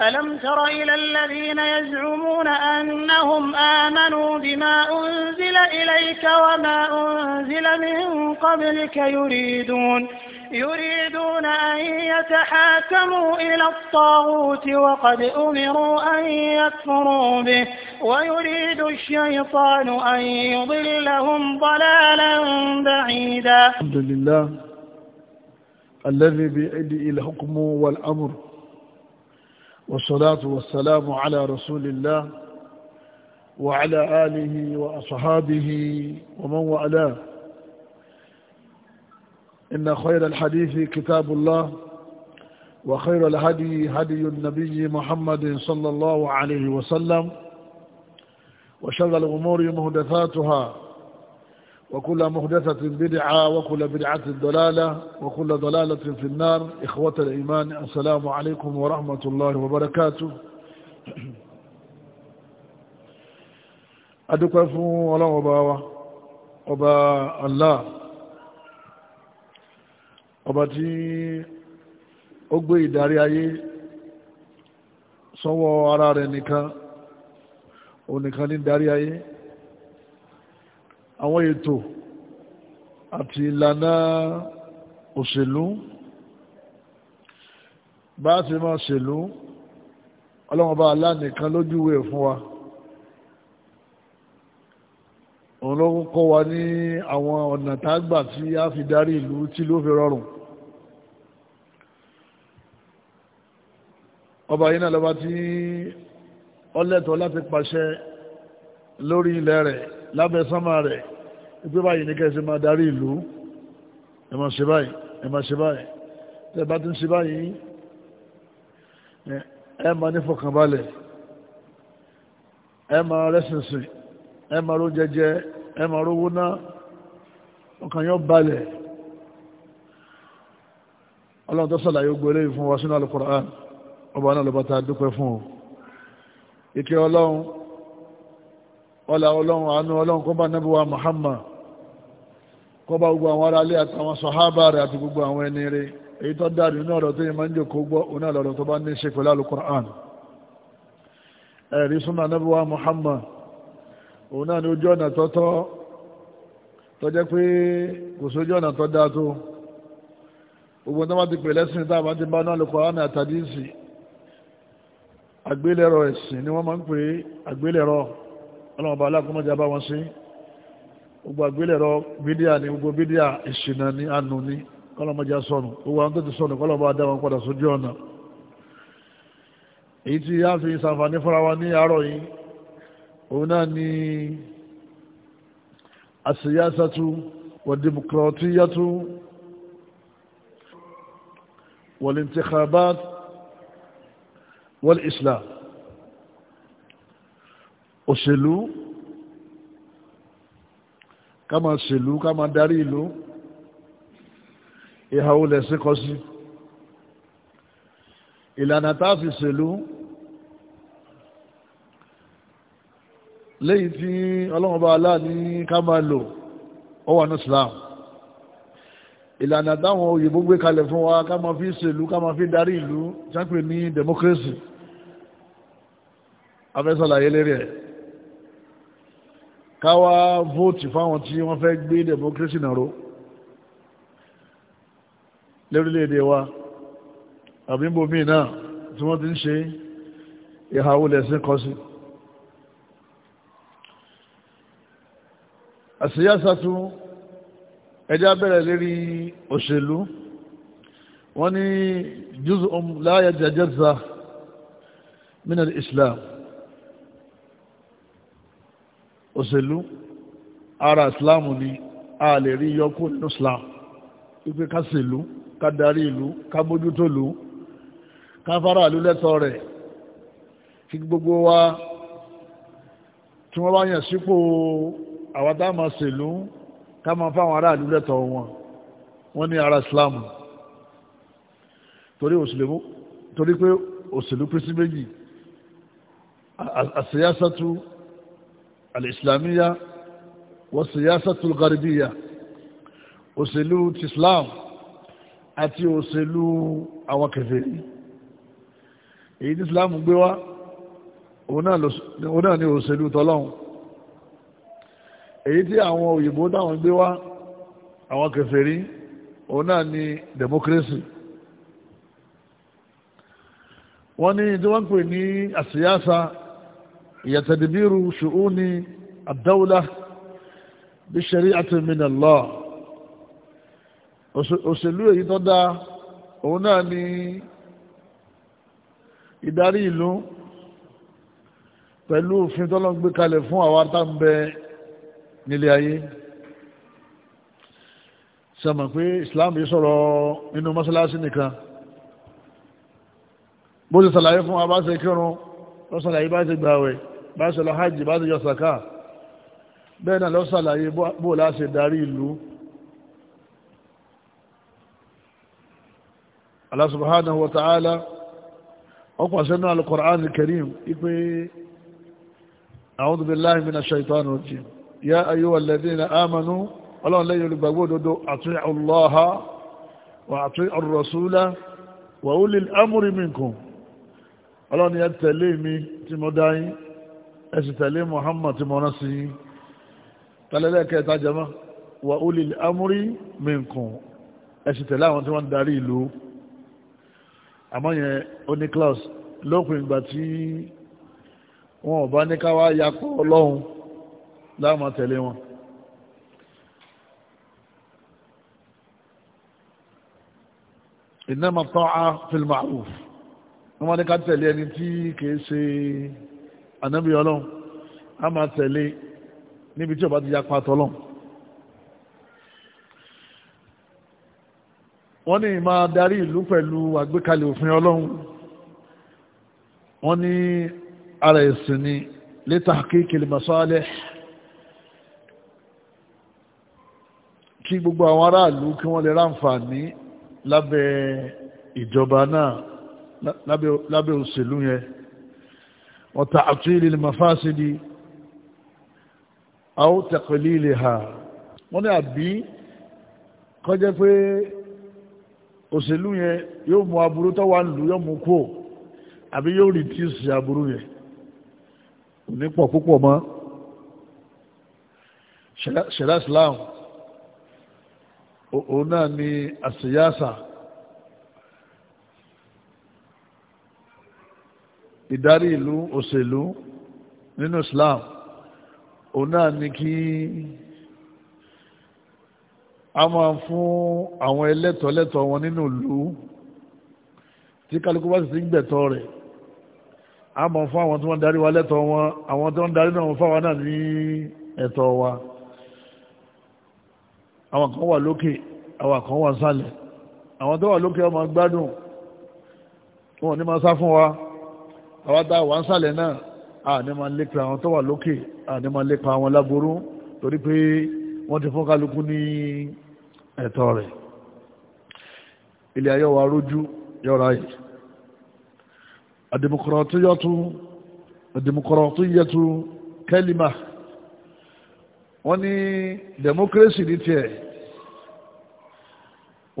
ألم تر إلى الذين يزعمون أنهم آمنوا بما أنزل إليك وما أنزل من قبلك يريدون يريدون أن يتحاكموا إلى الطاغوت وقد أمروا أن يكفروا به ويريد الشيطان أن يضلهم ضلالا بعيدا الحمد لله الذي بيده الحكم والأمر والصلاة والسلام على رسول الله وعلى آله وأصحابه ومن والاه إن خير الحديث كتاب الله وخير الهدي هدي النبي محمد صلى الله عليه وسلم وشغل الأمور مهدثاتها وكل محدثة بدعة وكل بدعة ضلالة وكل ضلالة في النار إخوة الإيمان السلام عليكم ورحمة الله وبركاته adúpẹ́ fún أبا ọba wa ọba Allah ọba tí ó gbé ìdarí ayé sọ́wọ́ ara rẹ̀ àwọn ètò àti ìlànà òṣèlú bá ti máa ṣèlú ọlọ́mọba alánìkan lójúwé fún wa òun ló kọ́ wa ní àwọn ọ̀nà tágbà tí a fi darí ìlú tí ló fi rọrùn ọba yìí náà lọ́ba tí ọlẹ́tọ̀ láti pàṣẹ lórí ilẹ̀ rẹ̀ lábẹ́ sánmà rẹ̀ wípé báyìí ní kẹsì máa darí ìlú ẹ máa ṣe báyìí ẹ máa ṣe báyìí tẹ́ bá ti ń ṣe báyìí ẹ máa ní fọkànbalẹ̀ ẹ máa rẹ́sìnsìn ẹ máa ró jẹjẹ ẹ máa rówó ná ọkàn yóò balẹ̀ ọlọ́run tó sàlàyé gbogbo eléyìí fún wa sínú Al-Qur'an ọba náà lọ́ba tá a dúpẹ́ fún ọ ìkẹ́ ọlọ́run ọlá ọlọ́run àánú ọlọ́run kó bá nábì wa Muhammad kó bá gbogbo àwọn ará ilé àtàwọn sọ̀hábà rẹ̀ àti gbogbo àwọn ẹni rẹ̀ èyí ọ̀rọ̀ tó yẹ máa ń jòkó gbọ́ wa Muhammad òun náà ni ojú ọ̀nà tọ́tọ́ jẹ́ pé kò sójú ọ̀nà tó gbogbo ti pè lẹ́sìn tá a bá ti bá náà alukur'an àgbélẹ̀rọ ẹ̀sìn ni ọlọ́mọba aláàkúnmọ́já bá wọn sí gbogbo àgbélẹ̀rọ bídíà ni gbogbo bídíà ìṣìnà ni ànú ni kọ́lọ́mọjá sọnù gbogbo àwọn tó ti sọnù kọ́lọ́mọba dá wọn padà sójú ọ̀nà èyí tí a fi ṣàǹfààní fúnra wa ní àárọ̀ yìí òun náà ni àṣìyásátú wàdìmùkọ̀tíyátú wàlìntìkàbát wàlìsìláà òṣèlú ká máa ṣèlú ká máa darí ìlú ìhà olè síkọ sí ìlànà tá a fi ṣèlú léyìí tí ọlọ́run bá aláà ní ká máa lò ó wà ní Islam ìlànà táwọn òyìnbó gbé kalẹ̀ fún wa ká máa fi ṣèlú ká máa fi darí ìlú jápè ní democracy afẹ́sàlàyé lérí ẹ̀ káwá vóòtì fáwọn tí wọ́n fẹ́ gbé democracy náà ró lórílẹ̀-èdè wa àbí bòmí náà tí wọ́n ti ń ṣe ìhàwó lẹ́sìn kọ́ sí àṣíyásátú ẹjá bẹ̀rẹ̀ lérí òṣèlú wọ́n ní juz'un la yajazza min al-islam òṣèlú ara ìsìláàmù ni a lè rí yọkú nínú islam wípé ká ṣèlú ká darí ìlú ká bójútó ká fara ìlú lẹ́tọ̀ọ́ rẹ̀ kí gbogbo wa tí wọ́n bá yàn sípò àwọn tá a máa ṣèlú ká máa fáwọn aráàlú lẹ́tọ̀ọ́ wọn wọ́n ní ara islam torí pé òṣèlú pín sí méjì àṣeyásátú alìsìlámíyà wọ́n siyasatul gharibiyya òṣèlú ti islam àti òṣèlú àwọn kèfèrí èyí tí islam gbé wá òun náà ni òṣèlú tọ́lọ́hun èyí tí àwọn òyìnbó táwọn gbé wá àwọn kèfèrí òun náà ni democracy wọ́n ní tí wọ́n ń pè ní àsíyásá هي تدبير شؤون الدولة بشريعة من الله òṣèlú èyí tó dáa òun náà ni ìdarí ìlú pẹ̀lú òfin tó lọ gbé kalẹ̀ fún àwa tá ń bẹ nílé ayé sọmọ pé Islam yìí sọ̀rọ̀ nínú mọ́sálásí nìkan bó ti sàlàyé fún wa kírun ó sàlàyé bá ṣe gbààwẹ̀ bá ṣe lọ hajj bá ṣe yọ sàká bẹ́ẹ̀ náà lọ sàlàyé bó láṣe darí ìlú Allah subhanahu wa ta'ala ọkọ̀ sẹ́nu al-Qur'an al-Karim ipé a'udhu billahi minash shaitani rajim ya ayyuhal ladhina amanu ọlọ́run lẹ́yìn olùgbàgbọ́ òdodo ẹ̀sì tẹ̀lé Muhammad tí mọ́ná sí tẹ́lẹ́lẹ́kẹta jẹmọ́ wà ó lè amúrí minkum ẹ̀sì tẹ̀lé àwọn tí wọ́n darí ìlú àmọ́yẹn oníklaus lópin ìgbà tí wọn ò bá ní káwá yakọ̀ ọlọ́run láàmà tẹ̀lé wọn innama ta'a fil ma'ruf wọ́n ní ká tẹ̀lé ẹni tí kìí ṣe ànábì ọlọ́run a máa tẹ̀lé níbi tí ọba ti ya pa tọ́lọ́n wọ́n ní máa darí ìlú pẹ̀lú àgbékalẹ̀ òfin ọlọ́run wọ́n ní ara ẹ̀sìn ni li tahqiqil masalih kí gbogbo àwọn aráàlú kí wọ́n lè ráǹfààní lábẹ́ ìjọba náà lábẹ́ òṣèlú yẹn وتعطيل المفاسد أو تقليلها wọ́n ní àbí kọjẹ́ pé òṣèlú yẹn yóò mú aburú tó wà lù yóò mú kó àbí yóò rí tí sí aburú yẹn ní pọ̀ púpọ̀ mọ́ ṣẹlá islam òun náà ni àṣìyáṣà ìdarí ìlú òṣèlú nínú Islam òun náà ni kí a máa fún àwọn ẹlẹ́tọ̀ọ́lẹ́tọ̀ọ́ wọn nínú ìlú tí kálukú bá sì ti ń gbẹ̀tọ́ rẹ̀ a máa fún àwọn tí wọ́n darí wa lẹ́tọ̀ọ́ wọn àwọn tí wọ́n darí náà fáwọn náà ní ẹ̀tọ́ wa àwọn kan wà lókè àwọn kan wà sálẹ̀ àwọn tó wà lókè ọmọ gbádùn wọn ò máa sá fún wa àwọn tá a wà ń sàlẹ̀ náà àní máa lépa àwọn tó wà lókè àní máa lépa àwọn láboró torí pé wọ́n ti fún kálukú ní ẹ̀tọ́ rẹ̀ ilé ayé wa rójú yọra yìí àdèmùkọ̀rọ̀tìyọ́tù àdèmùkọ̀rọ̀tìyẹ́tù kẹ́límà wọ́n ní democracy ní tiẹ̀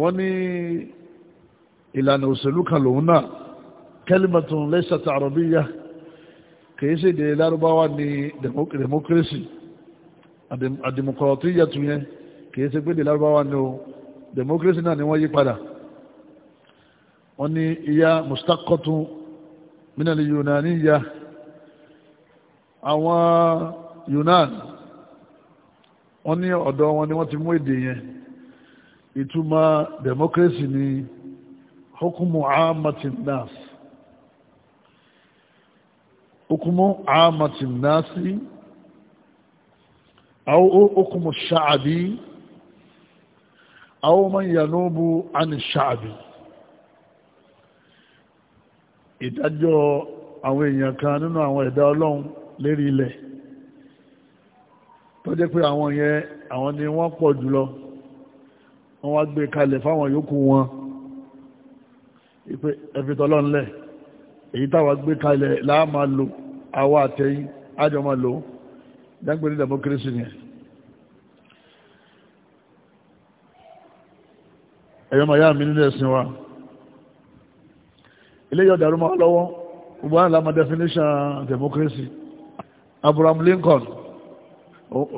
wọ́n ní ìlànà òṣèlú kan lòun náà kalimatun laysat arabiyya kìí ṣe èdè lárúbáwá ní democracy àdìmọ̀kọ̀ọ̀tì yẹtù yẹn kìí ṣe pé èdè lárúbáwá ní o democracy náà ni wọ́n yí padà wọ́n ní ìyá mustaqatu minal yunaniya àwọn yunan wọ́n ní ọ̀dọ̀ wọn ni wọ́n ti mú èdè yẹn ìtumọ̀ democracy ni hukumu amatin nas hukumu عامة الناس أو hukumu sha'abi أو man ينوب عن الشعب ìdájọ́ àwọn èèyàn kan nínú àwọn ẹ̀dá ọlọ́run lérí ilẹ̀ tó jẹ́ pé àwọn yẹn àwọn ni wọ́n pọ̀ jùlọ wọ́n wá gbé kalẹ̀ fáwọn yòókù wọn ìpé ẹ̀fìtọ́lọ́nlẹ̀ èyí táwa gbé kalẹ̀ láàmà lò àwa àtẹ̀yìn ájọ máa lò dágbé ní democracy ni ẹ̀yọ́ màá yá mi nílẹ̀ ẹ̀sìn wa ilé yọ dàrú lọ́wọ́ gbogbo àwọn àlàmà definition democracy Abraham Lincoln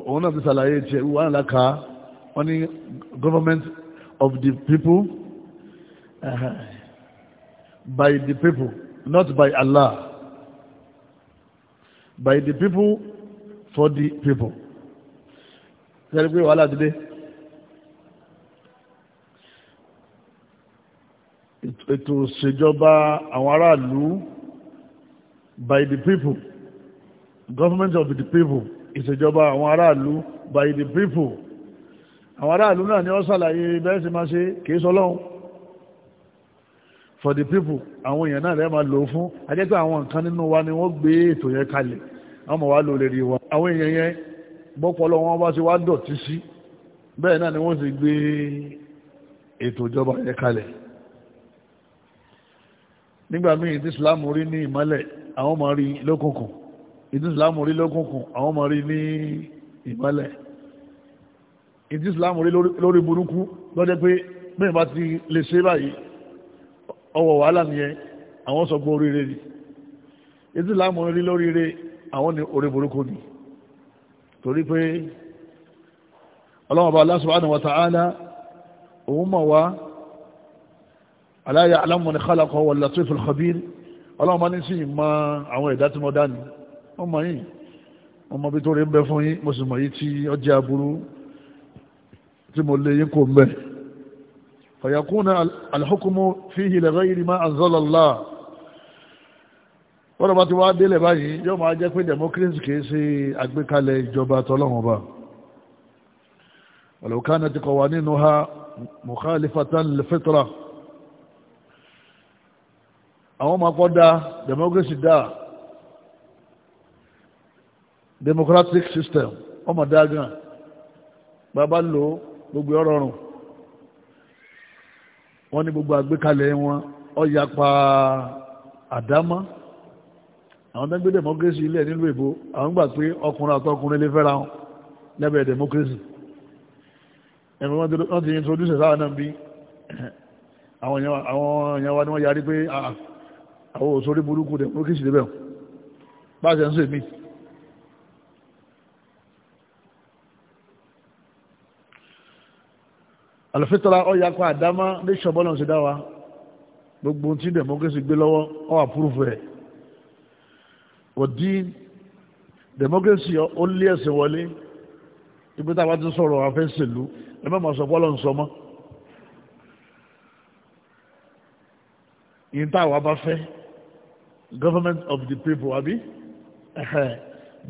òun náà ti ṣàlàyé tiẹ̀ gbogbo àwọn àlàkà wọ́n ní government of the people uh, by the people not by Allah by the people for the people sẹ́rí pé wàhálà dídé ètò ìṣèjọba àwọn aráàlú by the people government of the people ìṣèjọba àwọn aráàlú by the people àwọn aráàlú náà ni ó ṣàlàyé bẹ́ẹ̀ sì máa ṣe kìí sọ lọ́hùn for the people àwọn èèyàn náà lẹ́ẹ̀ máa lò fún ajẹ́gbẹ́ àwọn nǹkan nínú wa ni wọ́n gbé ètò yẹn kalẹ̀ wọ́n mọ̀ wá lò lè rí wa àwọn èèyàn yẹn bọ́pọ̀lọ́ wọn bá ti wá dọ̀tí sí bẹ́ẹ̀ náà ni wọ́n sì gbé ètò ìjọba yẹn kalẹ̀ nígbà míì tí Islam rí ní ìmọ́lẹ̀ àwọn máa rí lókùnkùn ìdí Islam rí lókùnkùn àwọn máa rí ní ìmọ́lẹ̀ ìdí Islam rí lórí burúkú lọ́jẹ́ pé bẹ́ẹ̀ bá ti lè ṣe báyìí ọwọ́ wàhálà nìyẹn àwọn sọ pé oríire ni etí láàmú rí lóríire àwọn ni orí burúkú ni torí pé ọlọ́wọ́ bá Allah subhanahu wa ta'ala òun mọ̀ wá aláyà alámọ̀ ní khalaqa wal latif al khabir ọlọ́wọ́ bá ní sí ìmọ̀ àwọn ẹ̀dá tí mo dá ni wọ́n mọ̀ yìí wọ́n mọ̀ bí tó rí ń bẹ fún yín mo sì mọ̀ yìí tí ọjà aburú tí mo lè yín kò mẹ́rin فيكون الحكم فيه لغير ما أنزل الله wọ́n bá ti wá délẹ̀ báyìí yóò máa jẹ́ pé democracy kìí sí àgbékalẹ̀ ìjọba tọ́lọ́wọ́n bá ọ̀lọ́kánà ti kọ̀wà nínú ha mukhalifatan lefitra àwọn ọmọ akọ́ dá democracy dá democratic system ọmọ dá gan bàbá lò gbogbo ọ̀rọ̀rùn wọ́n ní gbogbo àgbékalẹ̀ wọn ọ̀yà pa àdámọ́ àwọn tẹ́gbẹ́ democracy ilẹ̀ nílùú èbó àwọn gbà pé ọkùnrin àtọkùnrin lè fẹ́ra wọn lẹ́bẹ̀ẹ́ democracy ẹ̀mí wọ́n ti introduce sáà náà bí àwọn èèyàn wa ni wọ́n yarí pé ah, ah, àwọn òṣèré burúkú democracy lè bẹ̀rù bá a ṣe ń sèmí àlùfẹ́tọ́ra ọ̀yàpá àdámá lè ṣọ̀bọ́nà sí dáwà gbogbo tí democracy gbé lọ́wọ́ ó àpúrúfù rẹ̀ òdí democracy ó lé ẹ̀sìn wọlé ibi táwa ti sọ̀rọ̀ afẹ́ sèlú ẹ má máa sọ bọ́lọ̀ ń sọ mọ́ yìí táwa bá fẹ́ government of the people àbí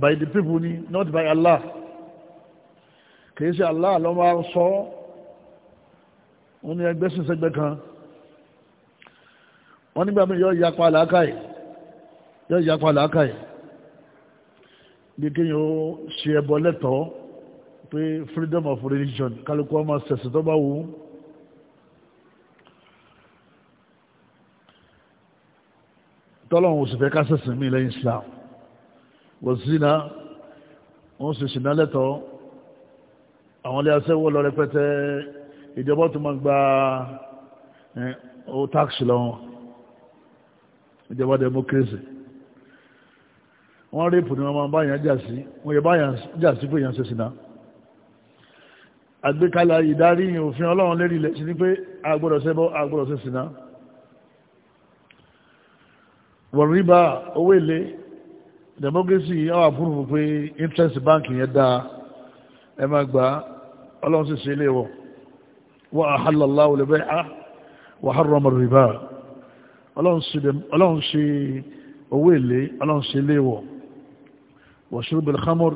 by the people ni not by Allah kì í ṣe Allah ló máa sọ ọ́ wọ́n ní ẹgbẹ́ sùn sẹ́gbẹ́ kan wọ́n nígbà mí yọ ìyapa làákàyè yọ ìyapa làákàyè bí kí yóò ṣe ẹbọ lẹ́tọ̀ọ́ pé freedom of religion kálukú ọmọ ṣẹ̀ṣẹ̀ tó bá wù ú tọ́lọ́run òsì fẹ́ ká ṣẹ̀sìn mí lẹ́yìn Islam wọ́n zina wọ́n sì ṣìnà lẹ́tọ̀ọ́ àwọn ilé aṣẹ́wó lọ rẹpẹtẹ ìjọba tó máa gba owó táàkì lọ́wọ́ ìjọba democracy wọ́n rèpù ni wọ́n máa báyàn jà sí wọ́n yẹ báyàn jà sí pé èèyàn ṣe sínà àgbékalẹ̀ ìdarí òfin ọlọ́run lérí ilẹ̀ sí ni pé agbọ́dọ̀ ṣẹbọ agbọ́dọ̀ ṣe sínà wọ̀rìbá owó èlé democracy àwọn àbúrò pé interest bank yẹn dáa ẹ máa gbà ọlọ́run sì ṣe ilé wọ̀ وأحل الله البيع وحرم الربا ọlọ́run ṣe owó èlé ọlọ́run ṣe léwọ̀ wọ̀ṣúrúbìl hamur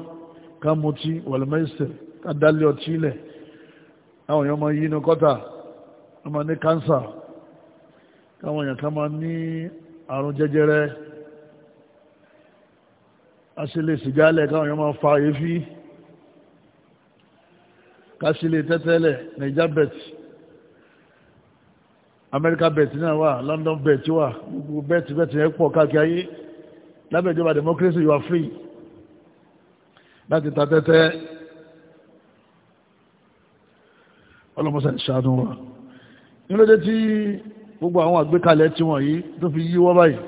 ká mutí wàlmẹ́sẹ̀ ká dálé ọtí ilẹ̀ àwọn èèyàn máa yí inú kọ́tà wọ́n máa ní kánsà káwọn èèyàn ká máa ní àrùn jẹjẹrẹ a ṣe lè sìgálẹ̀ káwọn èèyàn máa fa èéfín kásílé tẹ́tẹ́lẹ̀ naija bet america bet náà wà london bet wà gbogbo bet bet yẹn pọ̀ káàkiri ayé lábẹ́ ìjọba democracy you are free láti ta tẹ́tẹ́ ọlọ́mọsẹ̀ ìṣàánú wa nílòdé tí gbogbo àwọn àgbékalẹ̀ tí wọ́n yìí tó fi yíwọ́ báyìí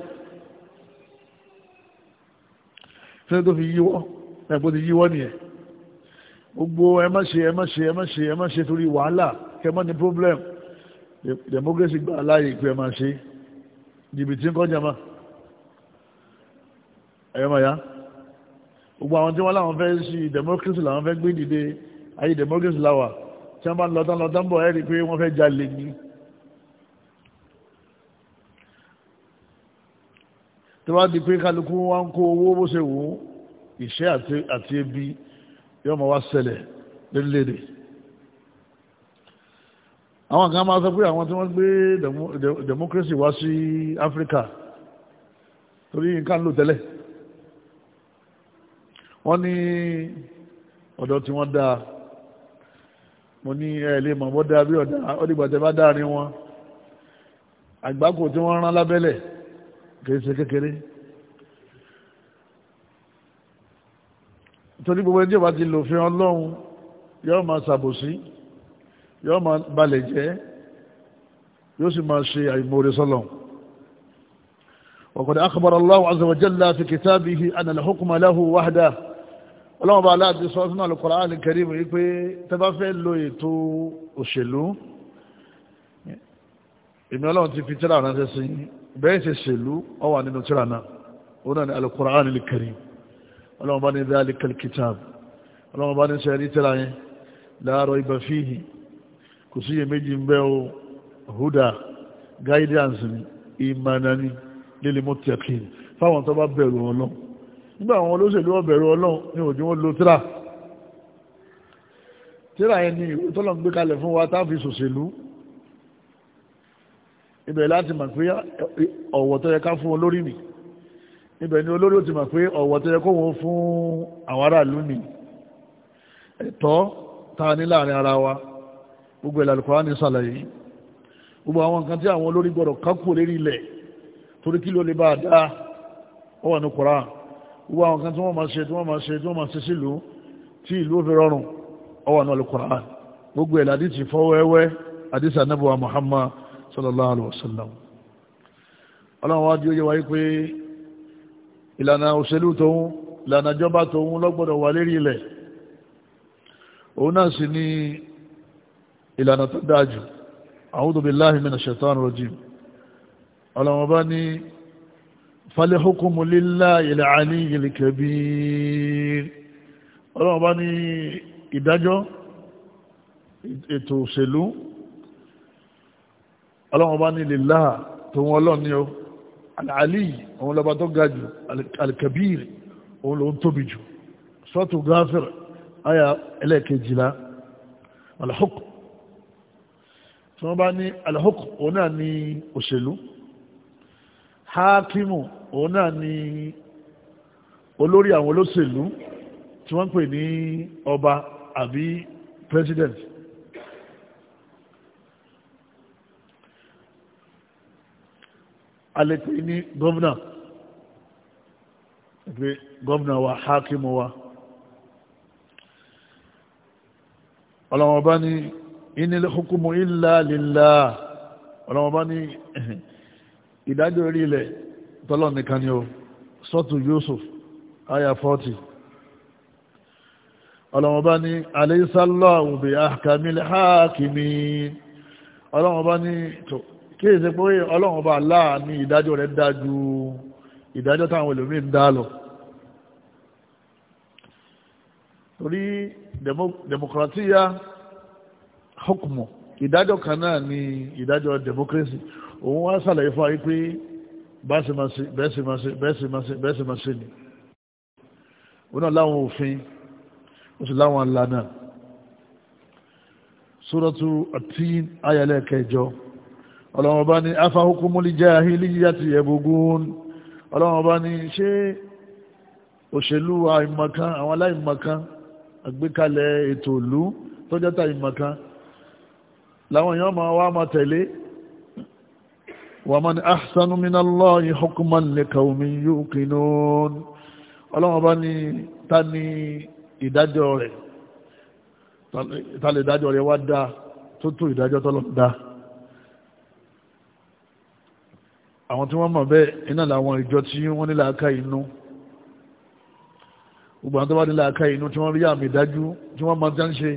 fẹ́ tó fi yíwọ́ ẹ̀gbọ́n ti yíwọ́ nìyẹn gbogbo ẹ má ṣe ẹ má ṣe ẹ má ṣe ẹ má ṣe torí wàhálà kẹ má ní problem democracy gba aláyè pé ẹ má ṣe jìbìtì ń kọjá ma ẹ̀yọ́ mọ̀ ya gbogbo àwọn tí wọ́n láwọn fẹ́ sí democracy làwọn fẹ́ gbé dìde ayé democracy láwà tí wọ́n bá lọ́tán lọ́tán bọ̀ ẹ́rì pé wọ́n fẹ́ jalè ní tí wọ́n di pé kálukú wọn kó owó bó ṣe wù ú ìṣẹ́ àti ebi yóò máa wá ṣẹlẹ̀ lérílẹ̀èdè àwọn kan máa sọ pé àwọn tí wọ́n gbé democracy wá sí Africa torí nǹkan lò tẹ́lẹ̀ wọ́n ní ọ̀dọ̀ tí wọ́n dáa mo ní ẹ lè mọ̀ bọ́ dáa bí ọ̀dà ọdígbàtẹ́ bá dáa ní wọn àgbákò tí wọ́n rán lábẹ́lẹ̀ kìí ṣe kékeré. torí gbogbo ẹni tí ó bá ti lòfin ọlọ́run yóò máa ṣàbòsí yóò máa balẹ̀ jẹ́ yóò sì máa ṣe àìmoore sọ́lọ̀ وقد أخبر الله عز وجل في كتابه أن الحكم له وحده ọlọ́run bá aláàdì sọ sínú Al-Qur'an Al-Karim wípé tẹ́bá fẹ́ lo ètò òṣèlú ìmì ọlọ́run ti fi tíra ránṣẹ́ sí bẹ́ẹ̀ ṣe ṣèlú ó nínú tíra náà ó náà ni Al-Qur'an Al-Karim ọlọ́run bá ní dhalikal kitab ọlọ́run bá ní sẹ́rí tẹ́ra yẹn la rayba fihi kò sí iye méjì ń bẹ́ o huda guidance ni ìmànani lil muttaqin fáwọn tó bá bẹ̀rù ọlọ́run nígbà àwọn olóṣèlú ọ̀bẹ̀rù ọlọ́run ní òjò wọn lo tíra tíra yẹn ni ìwé tọ́lọ̀ ń gbé kalẹ̀ fún wa táàfi ṣòṣèlú ibẹ̀ láti mọ̀ pé ọ̀wọ̀ tó yẹ ká fún wọn lórí nìyí ibẹ̀ ni olórí ó ti mọ̀ pé ọ̀wọ̀ tó yẹ kó wọ́n fún àwọn aráàlú ni ẹ̀tọ́ ta ní láàrin ara wa gbogbo ìlàlùkọ́ ní sàlàyé gbogbo àwọn nǹkan tí àwọn olórí gbọ́dọ̀ kákò lérí ilẹ̀ torí kí ló lè bá dá ọ wà ní kọ́ra gbogbo àwọn nǹkan tí wọ́n máa ṣe tí wọ́n máa ṣe tí wọ́n máa ṣe sílùú tí ìlú fi rọrùn ọ wà ní alukọ́ra gbogbo ìlà àdìsí fọ́wẹ́wẹ́ àdìsí anábọ̀wá Muhammad sallallahu alaihi wasallam ọlọ́run wá di ó wáyé pé ìlànà òṣèlú tòun ìlànà ìjọba tòun lọ́gbọ́dọ̀ wà lérí ilẹ̀ òun náà sì ní ìlànà tó dájú a'udhu billahi minash shaitani rajim ọlọ́wọ́n bá ní fal hukmu lillahil aliyyil kabir ọlọ́wọ́n alì òun lọba tó ga jù alkabir òun lòun tóbi jù sọ́tù gáfẹ́r àyà ẹlẹ́kẹjìlá alhuk tí wọ́n bá ní alhuk òun náà ní òṣèlú hakimu òun náà ní olórí àwọn olóṣèlú tí wọ́n pè ní ọba àbí president alẹ́ pé ní gọ́vnà pé gọ́vnà wa hákímù wa ọlọ́wọ́n bá ní inil hukumu illa lillah ọlọ́wọ́n bá ní ìdájọ́ orí ilẹ̀ tọ́lọ̀ nìkan ni ó sọ́tù Yusuf aya 40 ọlọ́wọ́n bá ní alaysa Allahu bi ahkamil hakimin kí èsè pé ọlọ́run ọba Allah ní ìdájọ́ rẹ̀ dájú ìdájọ́ táwọn olómi ń dá lọ torí democratia hukumu ìdájọ́ kan náà ni ìdájọ́ democracy òun wá sàlàyé fún ayé pé bẹ́ẹ̀sìmọ́sí ni òun náà láwọn òfin ó sì láwọn ìlànà Suratu At-Tin ayẹlẹ́ kẹjọ ọlọ́run ọba ní afahukumul jahiliyyati yabghun ọlọ́run ọba ní ṣé òṣèlú àìmọ̀kan àwọn aláìmọ̀kan àgbékalẹ̀ ètò ìlú tọ́jọ́ta ìmọ̀kan láwọn èèyàn máa wá máa tẹ̀lé wa man ahsanu minallahi hukman liqawmin yuqinun ọlọ́run ọba ní ta ni ìdájọ́ rẹ̀ ta lè dájọ́ rẹ̀ wá dáa tó tó ìdájọ́ tọ́lọ́ dáa àwọn tí wọ́n mọ̀ bẹ́ẹ̀ iná làwọn ìjọ tí wọ́n ní làákà inú gbogbo àwọn tó bá ní làákà inú tí wọ́n rí àmì ìdájú tí wọ́n máa ń ṣe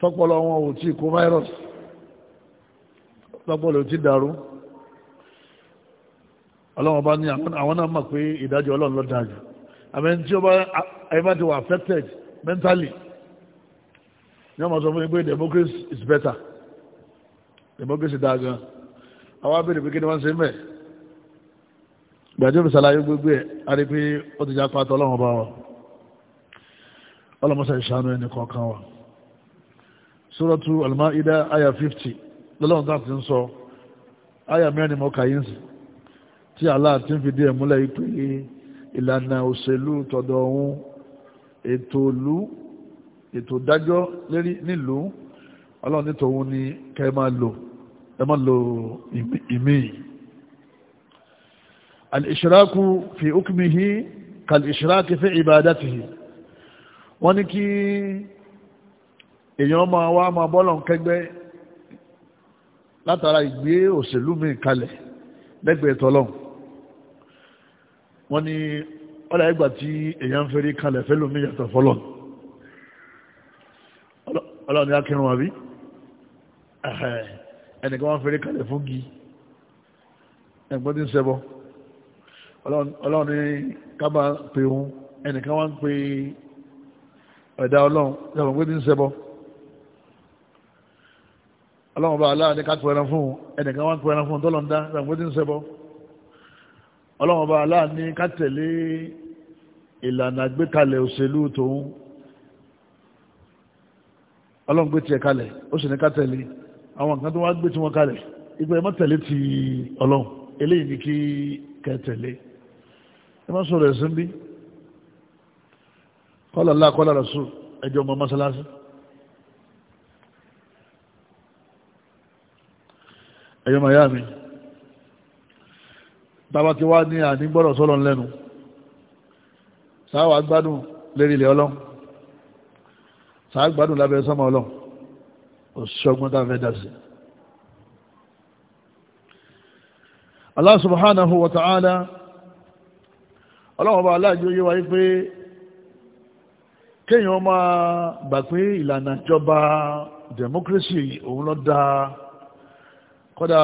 tọ́pọ̀lọ wọn ò tí kó virus tọ́pọ̀lọ ò tí dàrú ọlọ́wọ́n bá ní àwọn náà mọ̀ pé ìdájọ́ ọlọ́run ló dájú àmì tí ó bá ẹbá ti wà affected mentally ní ọmọ sọ fún mi pé democracy is better democracy dáa gan-an àwọn abẹ́rẹ́ pé kí ni wọ́n ń ṣe mẹ́ gbàdúrà sàlàyé gbogbo ẹ̀ a rí pé ó ti já pàtó ọlọ́run bá wa ọlọ́mọsà ìṣàánú ẹni kọ̀ọ̀kan wa sóràtú al-Ma'ida aya 50 lọ́lọ́run tá ti ń sọ aya mẹ́rin mọ́ kàyíǹsì tí Allah ti ń fi díẹ̀ múlẹ̀ pé ìlànà òṣèlú tọ̀dọ̀ ọ̀hún ètò ìlú ètò ìdájọ́ lérí nílùú ọlọ́run nítòun ni kẹ́ máa lò ẹ má lo ìmí al-ishraku fi hukmihi kal-ishraki fi ibadatihi wọ́n ní kí èèyàn máa wá máa bọ́lọ̀ ń kẹgbẹ́ látara ìgbé òṣèlú mi kalẹ̀ lẹ́gbẹ̀ẹ́ tọ́lọ́n wọ́n ní ọ̀là ìgbà tí èèyàn fẹ́rí kalẹ̀ fẹ́lú mi yàtọ̀ fọ́lọ́n ọlọ́run ni akẹrùn àbí ẹnìkan wọ́n fẹ́rẹ́ kalẹ̀ fún gi ẹ̀gbọ́n tí ń sẹ́bọ̀ ọlọ́run ní kábà pé òun ẹnìkan wọ́n ń pe ẹ̀dá ọlọ́run yàtọ̀ pé tí ń sẹ́bọ̀ ọlọ́run bá aláà ní kápẹ́ ẹran fún ẹnìkan wọ́n ń pe ẹran fún tọ́lọ̀ ń dá yàtọ̀ pé ń sẹ́bọ̀ ọlọ́run bá aláà ní kátẹ̀lé ìlànà àgbékalẹ̀ òṣèlú tòun ọlọ́run gbé tiẹ̀ ó sì ní kátẹ̀lé àwọn kan tó wá gbé tí wọ́n kalẹ̀ ìgbà ẹ̀ má tẹ̀lé ti ọlọ́run eléyìí ni kí kẹ́ tẹ̀lé ẹ má sọ̀rọ̀ ẹ̀sìn bí kọ́lá ńlá kọ́lá rẹ̀ sùn ẹjọ́ ọmọ mọ́sálásí ẹjọ́ màyá mi bàbá ti wá ní ànígbọ́rọ̀ sọ́lọ́ lẹ́nu sáwà gbádùn lérí ilẹ̀ ọlọ́run sáà gbádùn lábẹ́ sọ́mọ ọlọ́run òṣìṣọ́gbọ́n tá a fẹ́ dá sí. Allah subhanahu wa ta'ala ọlọ́wọ́ba aláàjò yé wáyé pé kéèyàn máa gbà pé ìlànà ìjọba democracy òun ló dáa kódà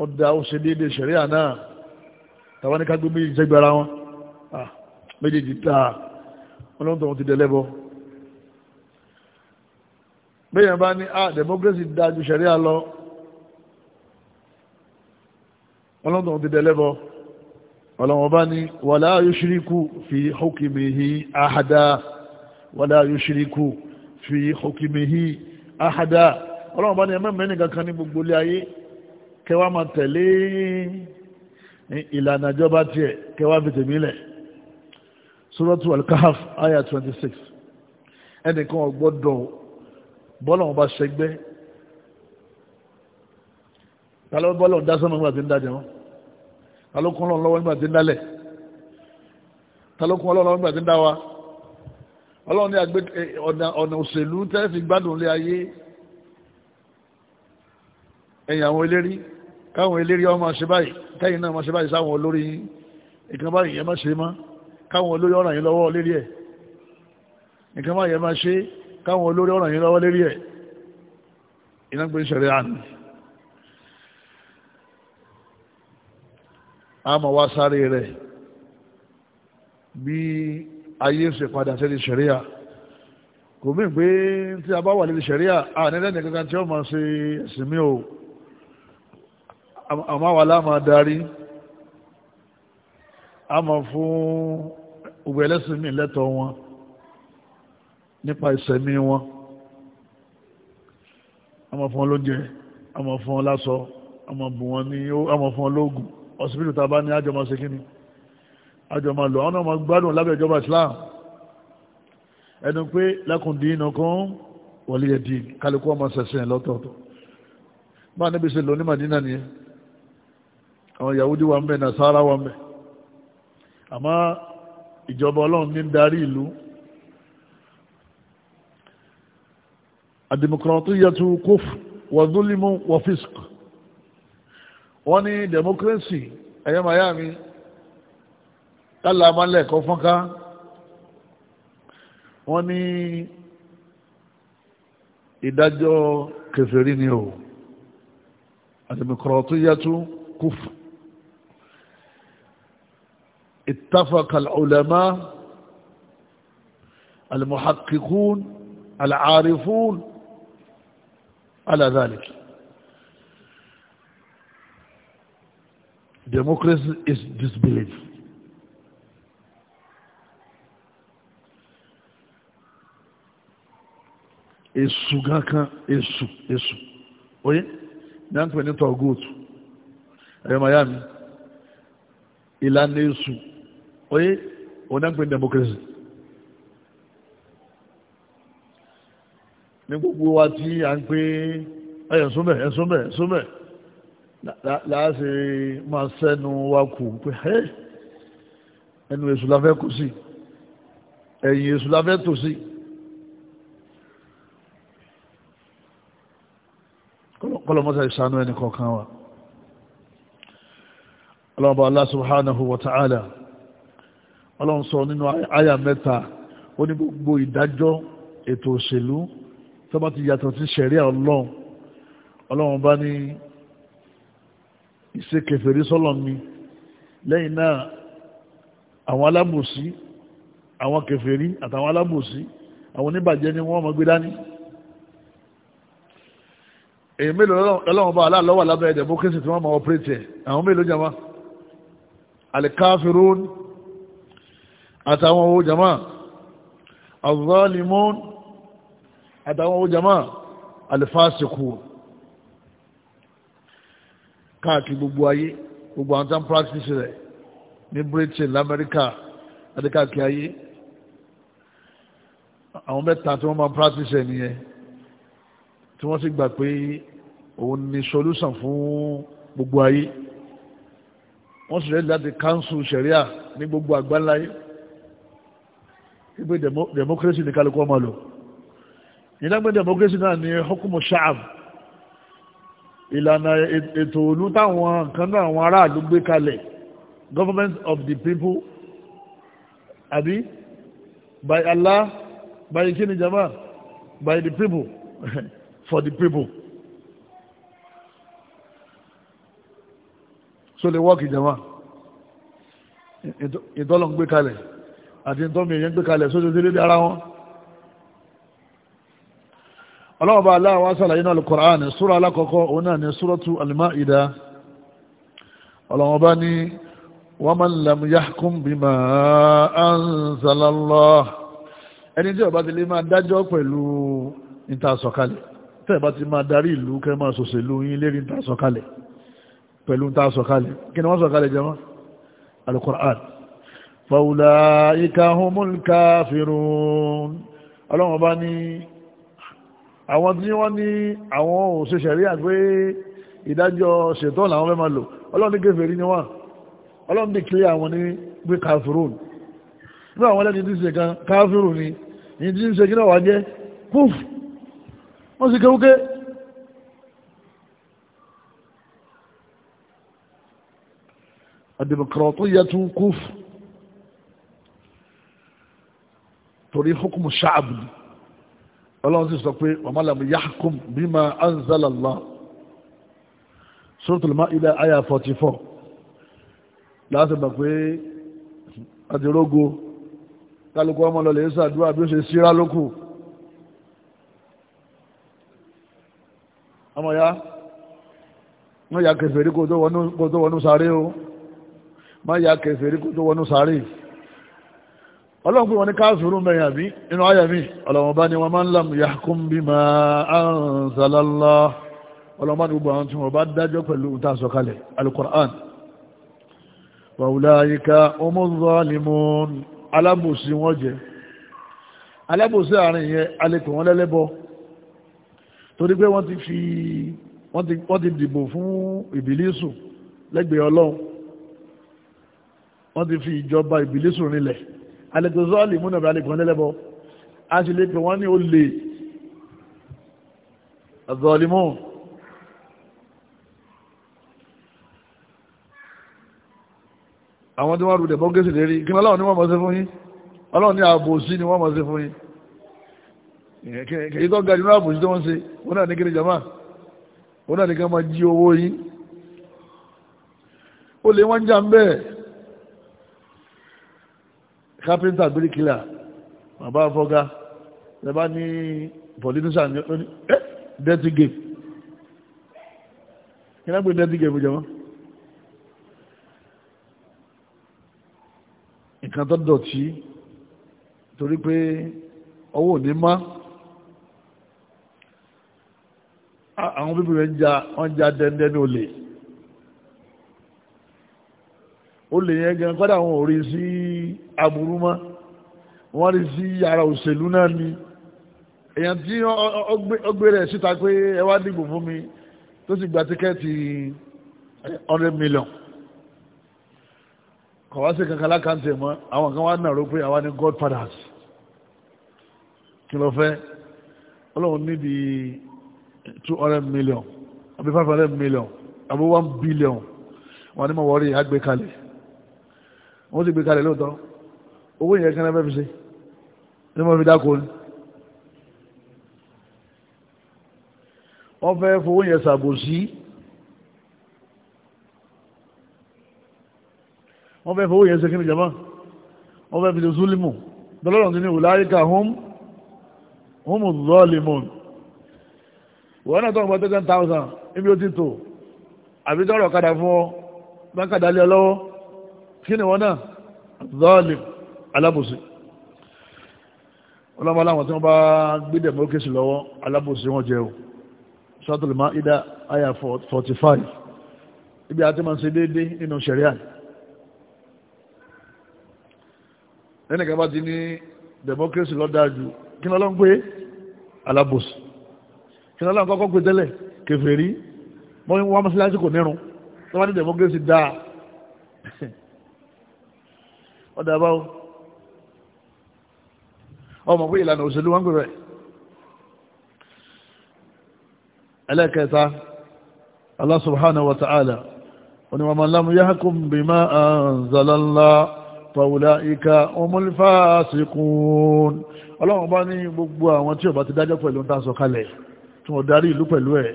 ó dá ó ṣe déédéé ṣẹ̀ríà náà tàwọn ní ká gbé méjì jẹ́gbẹ̀ra wọn ah, méjèèjì dáa wọn ti dẹ́lẹ́bọ̀ọ́ bẹ́yàn bá ní ah democracy dájú ṣẹ̀ríà lọ ọlọ́dún ti dẹ̀lẹ́bọ ọlọ́wọ́n bá ní wala yushriku fi hukmihi ahada wala yushriku fi hukmihi ahada ọlọ́wọ́n bá ní ẹmẹ́mẹ́ nìkan kan ní gbogbo ilé ayé kẹwàá máa tẹ̀lé ìlànà ìjọba tiẹ̀ kẹwàá fi tèmílẹ̀ Suratu al ayah 26 ẹnìkan ò bọ́lọ̀ wọn bá ṣẹgbẹ́ tàlọ́ bọ́lọ̀ ń dá sọ́nà nígbà tí ń dájẹ́ wọn tàlọ́ kún ọlọ́run lọ́wọ́ nígbà tí ń dálẹ̀ tàlọ́ kún ọlọ́run lọ́wọ́ nígbà tí ń dá wa ọlọ́run ní àgbẹ̀ eh, ọ̀nà òṣèlú tẹ́ fi gbádùn lé ayé ẹ̀yìn àwọn eléri káwọn eléri ọmọ ṣe báyìí kẹ́yìn náà máa ṣe báyìí sáwọn olórí ìkan báyìí yẹn máa ṣe má káwọn olórí ọ̀ràn yìí lọ́wọ́ lérí ẹ̀ ìkan báyìí yẹn máa ṣe é káwọn olórí ọ̀ràn yìí lọ́wọ́ lérí ẹ̀ iná gbé ṣẹ̀rẹ̀ àná àmọ́ wá sáré rẹ̀ bí ayé ṣe padà sí ṣẹ̀ríà kò mí pé tí a bá wà lórí ṣẹ̀ríà ànílẹ́nì kankan tí ó máa ṣe ẹ̀sìnmí o àmọ́ wà láàmà darí àmọ́ fún ògbẹ̀lẹ́sìnmí lẹ́tọ̀ọ́ wọn nípa ìsẹ̀mí wọn àmọ́ fún wọn lóúnjẹ àmọ́ fún wọn láṣọ àmọ́ bù wọn ní àmọ́ fún wọn lóògùn ọ̀sibítù tá a bá ní àjọ máa ṣe kí ni àjọ máa lò àwọn náà máa gbádùn lábẹ́ ìjọba Islam ẹnu pé lákùndín iná kan wọlé ẹ̀dì kálukú ọmọ ṣẹ̀ṣẹ̀ lọ́tọ̀ọ̀tọ̀ bá níbi ṣe lò ní Madina nìyẹn àwọn Yahudi wà ń bẹ Nasara wà ń bẹ àmọ́ ìjọba Ọlọ́run ní darí ìlú àdìmọ̀kìrọ̀tíyàtú kóf wàdúlímù wàfíṣk wọ́n ní democracy ẹ̀yẹ́ miami tálà amálẹ̀kọ́ fọ́nká wọ́n ní ìdájọ́ kèfèrí ni o àdìmọ̀kìrọ̀tíyàtú kóf اتفق العلماء المحققون العارفون على ذلك democracy is disbelief èsù kankan èsù èsù oye ní à ń pè ní tọ́gùtù ẹ̀yọ́ miami ìlànà èsù oye onígbìn democracy ní gbogbo wa tí a ń pé ẹ̀yẹ̀ súnmẹ̀ ẹ̀yẹ̀ súnmẹ̀ ẹ̀yẹ̀ súnmẹ̀ láàṣẹ máa sẹ́nu wa kù pé ẹ́ ẹnu èṣù la fẹ́ kù sí ẹ̀yìn èṣù la fẹ́ tò sí. kọlọmọsà ìṣàánú ẹni kọ̀ọ̀kan wa ọlọ́mọba Allah subhanahu wa ta'ala ọlọ́run sọ nínú àyà mẹ́ta ó ní gbogbo ìdájọ́ ètò òṣèlú tó bá ti yàtọ̀ sí ṣẹ̀ríà ọlọ́run ọlọ́run bá ní ìṣe kèfèrí sọ́lọ̀ mi lẹ́yìn náà àwọn alábòsí àwọn kèfèrí àtàwọn alábòsí àwọn oníbàjẹ́ ni wọ́n mọ̀ gbé dání èyí mélòó lọ́wọ́n bá aláàlọ́wà lábẹ́ ẹ̀dẹ̀ bó kéṣì tí wọ́n máa ọ̀pẹ́rẹ́tì ẹ̀ àwọn mélòó jama alikafirun àtàwọn owó jama azalimun àtàwọn owó jama alifásitì káàkiri gbogbo ayé gbogbo àwọn tán practice rẹ̀ ní Britain lamẹ́ríkà àti káàkiri ayé àwọn mẹ́ta tí wọ́n máa practice ẹ̀ nìyẹn tí wọ́n sì gbà pé òun ni solution fún gbogbo ayé wọ́n sì rẹ̀ láti council sharia ní gbogbo àgbáńláyé wípé democracy ní kálukú ọmọ lò ìlẹ́gbẹ́ democracy náà ni hukumu sha'ab ìlànà ètò òlú táwọn kan náà àwọn aráàlú gbé kalẹ̀ government of the people àbí by Allah by kíni jama by the people for the people so le work jama ìtọ́lọ̀ ń gbé kalẹ̀ àti ìtọ́mì èyàn gbé kalẹ̀ sójú sí lédè ara wọn ọlọ́wọ́ bá aláwọ̀ asàlàyé náà al-Qur'an súra alákọ̀ọ́kọ́ òun náà ni súratu al-Ma'ida ọlọ́wọ́ bá ní wa man lam yahkum bima anzala Allah ẹni tí ó bá ti lè máa dájọ́ pẹ̀lú ìtàsọ̀kalẹ̀ tẹ́ bá ti máa darí ìlú kẹ́ máa sòṣèlú yín lérí ìtàsọ̀kalẹ̀ pẹ̀lú ìtàsọ̀kalẹ̀ àwọn tí wọ́n ní àwọn òṣèṣẹ̀ rí àgbé ìdájọ́ ṣètọ́ làwọn fẹ́ máa lò ọlọ́run ní ni wọ́n ọlọ́run ní kílé àwọn ní gbé kafirun ní àwọn ẹlẹ́ni tí ń ṣe kan kafirun ni ní tí ń ṣe kí náà wá jẹ́ kúf wọ́n sì kéwúké torí hukumu ṣáàbù ọlọ́run sì sọ pé ọmọlẹ́mú yahkum bima anzalallah suratul maida àyà 44 láti mọ̀ pé àdìrógo kálukú ọmọ lọlẹ̀ ṣàdúrà bí ó ṣe síra lókù ọmọ ya wọ́n ya kẹfẹ̀ẹ́rí kó tó wọnú sáré o má ya kẹfẹ̀ẹ́rí kó tó wọnú sáré o ọlọ́pù wọn ni káàsùrù mẹ́yà bí inú ayà mi ọlọ́wọ́n bá ní wọn máa ń lam yahkum bima anzala Allah ọlọ́wọ́n bá ní gbogbo àwọn tí wọ́n bá dájọ́ pẹ̀lú ìtàsọ̀kalẹ̀ alukur'an wa ulaika humu zalimun alábòsí wọ́n ti fi ìjọba ìbílísù rinlẹ̀ alẹ́tọ̀sọ́ọ̀lì múnà bí alẹ́kùn lẹ́lẹ́bọ́ a sì lè pè wọ́n ní olè azọ́ọ̀lìmọ́ àwọn tí wọ́n rúdẹ̀ bọ́gẹ́sì lérí kí ọlọ́run ní wọ́n mọ̀ sí fún yín ọlọ́run ní àbòsí ni wọ́n mọ̀ sí fún yín kìí tó ga jùlọ àbòsí tó wọ́n ṣe wọ́n náà ní kí ni jama wọ́n náà ní kí wọ́n máa jí owó yín ó lè wọ́n jà ń bẹ́ẹ̀ kápẹ́ntà bíríkìlà bàbá afọ́gá lẹ́bá ní pọ̀lítísà ní ọ́nì ẹ́ dẹ́tí gẹ̀ẹ́ kí lágbé dẹ́tí gẹ̀ẹ́ fún jẹmọ́ nǹkan tó dọ̀tí torí pé ọwọ́ òní má àwọn bíbí rẹ̀ ń ja dẹ́ndẹ́ ní olè olè yẹn gan kọ́dà àwọn ò rí sí aburú mọ́ wọ́n rí sí ara òṣèlú náà ni èèyàn tí ọgbẹ́ rẹ̀ síta pé ẹ dìbò fún mi tó sì gba tíkẹ́ẹ̀tì hundred million kò wá sí kankan lákàntì mọ́ àwọn kan wá nàró pé àwa ni godfathers kí ló fẹ́ ọlọ́run níbi two million àbí five hundred million àbí one billion wọn ni mo wọ́n àgbékalẹ̀ wọ́n sì gbé kalẹ̀ lóòótọ́ owó yẹn kan fẹ́ fi ṣe ní mo fi dáko ni wọ́n fẹ́ fowó yẹn ṣàbòsí wọ́n fẹ́ fowó yẹn ṣe kíni jama wọ́n fẹ́ fi ṣe súlímù dọ́lọ́rọ̀ ti ní wùláyíká hum hum zọ́ọ̀lìmùn wọ́n náà tọ́gbọ́ tẹ́tẹ́ tàùsàn ibi ó ti tò àbí tọ́rọ̀ kadà fún ọ bá kadà lé ọ lọ́wọ́ kí ni wọ́n náà zọ́ọ̀lì alábòsí ọlọ́mọlá àwọn tí wọ́n bá gbé democracy lọ́wọ́ alábòsí wọn jẹ́ o suratul Maida aya 45 ibi àti máa ń ṣe déédéé nínú ṣẹ̀ríà ẹnì kan bá ti ní democracy lọ́dájú kí ni ọlọ́run pé alábòsí kí ni ọlọ́run kọ́kọ́ pé tẹ́lẹ̀ kèfèrí mọ́ wọ́n mọ́ sí lásìkò nírun tó bá ní democracy dáa ọ̀dà báwo ọmọ pé ìlànà òṣèlú wọn gbèrè ẹlẹ́kẹta Allah subhanahu wa ta'ala oní wa man lam yahkum bima anzala Allah fa'ulaika humul fasiqun ọlọ́run bá ní gbogbo àwọn tí ó bá ti dájọ́ pẹ̀lú ń tásọ kalẹ̀ tí wọ́n darí ìlú pẹ̀lú ẹ̀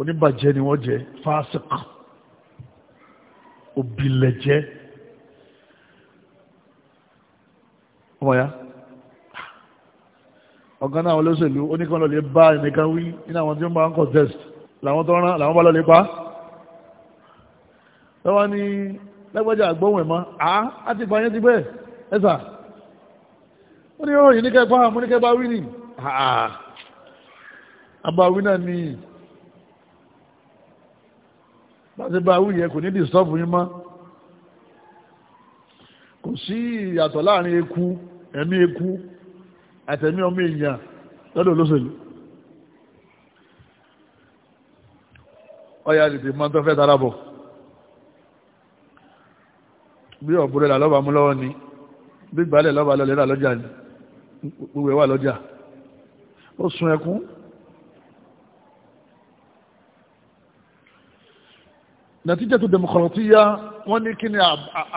oníbàjẹ́ ni wọ́n jẹ́ fásik òbílẹ̀jẹ́ ọmọ ya ọ̀gá náà olóṣèlú oníkan lọ́lẹ̀ bá ẹnìkan wí nínú àwọn tí ó máa ń contest làwọn tó rán làwọn bá lọ́lẹ̀ pa lọ́wọ́ ní lẹ́gbẹ́jà àgbọ̀wọ̀n ẹ̀mọ́ a á ti gbanyẹ́ ti bẹ́ẹ̀ ẹ̀sà ó ní ọ̀rọ̀ yìí ní kẹfà mú ní kẹfà wí ni àbáwí náà ni bá ti bá wí yẹn kò ní disturb yín mọ́ kò sí ìyàtọ̀ láàrin eku ẹ̀mí eku àtẹ̀mí ọmọ èèyàn lọ́dọ̀ olóṣèlú ọya tètè mọ́ tó fẹ́ tara bọ̀ bí ọ̀bùrẹ́ là lọ́ba mú lọ́wọ́ ni bí gbálẹ̀ lọ́ba lọ́lẹ̀ rà lọ́jà ni gbogbo ẹ̀wà lọ́jà ó sun ẹkún nàtíjẹ́ tó dẹmọkọ̀rọ̀ tí yá wọ́n ní kí ni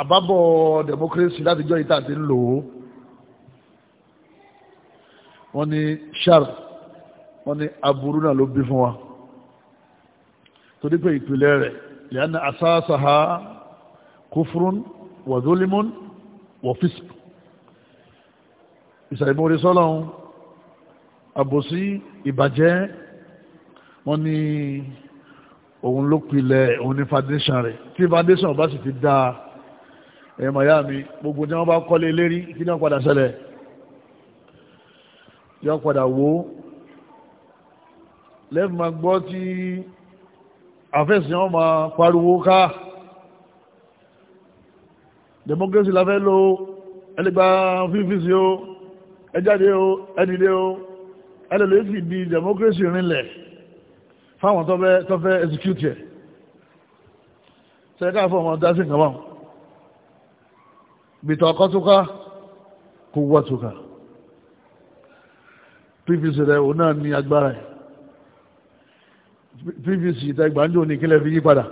àbábọ̀ democracy látijọ́ ìta àti wọ́n ní ṣar wọ́n ní aburú náà ló bí fún wa torí pé ìpìlẹ̀ rẹ̀ lẹ́yìn asáàsà ha kúfurún wàzólímún wọ̀fíṣp ìsàìmórí sọ́lọ́hún àbòsí ìbàjẹ́ wọ́n ní òun ló pilẹ̀ òun ní foundation rẹ̀ tí foundation bá sì ti dáa ẹ̀yìn miami gbogbo tí wọ́n bá kọ́lé lérí kí ni wọ́n padà ṣẹlẹ̀ yọ padà wò ó lẹ́fì máa gbọ́ tí àfẹ́sìn wọn máa pariwo ká democracy la fẹ́ lò ẹlẹ́gbà fífísì o ẹjáde o ẹdìdé o ẹlẹ́lẹ́ sì di democracy rinlẹ̀ fáwọn tó fẹ́ execute ẹ̀ sẹ́ká fún ọmọ dásí kan báwọn bìtọ̀ ọkọ̀ tó ká kó wọ́ tó ká pvc rẹ̀ òun náà ní agbára ẹ̀ pvc ìtẹgbàájò ní kílẹ̀ fi yí padà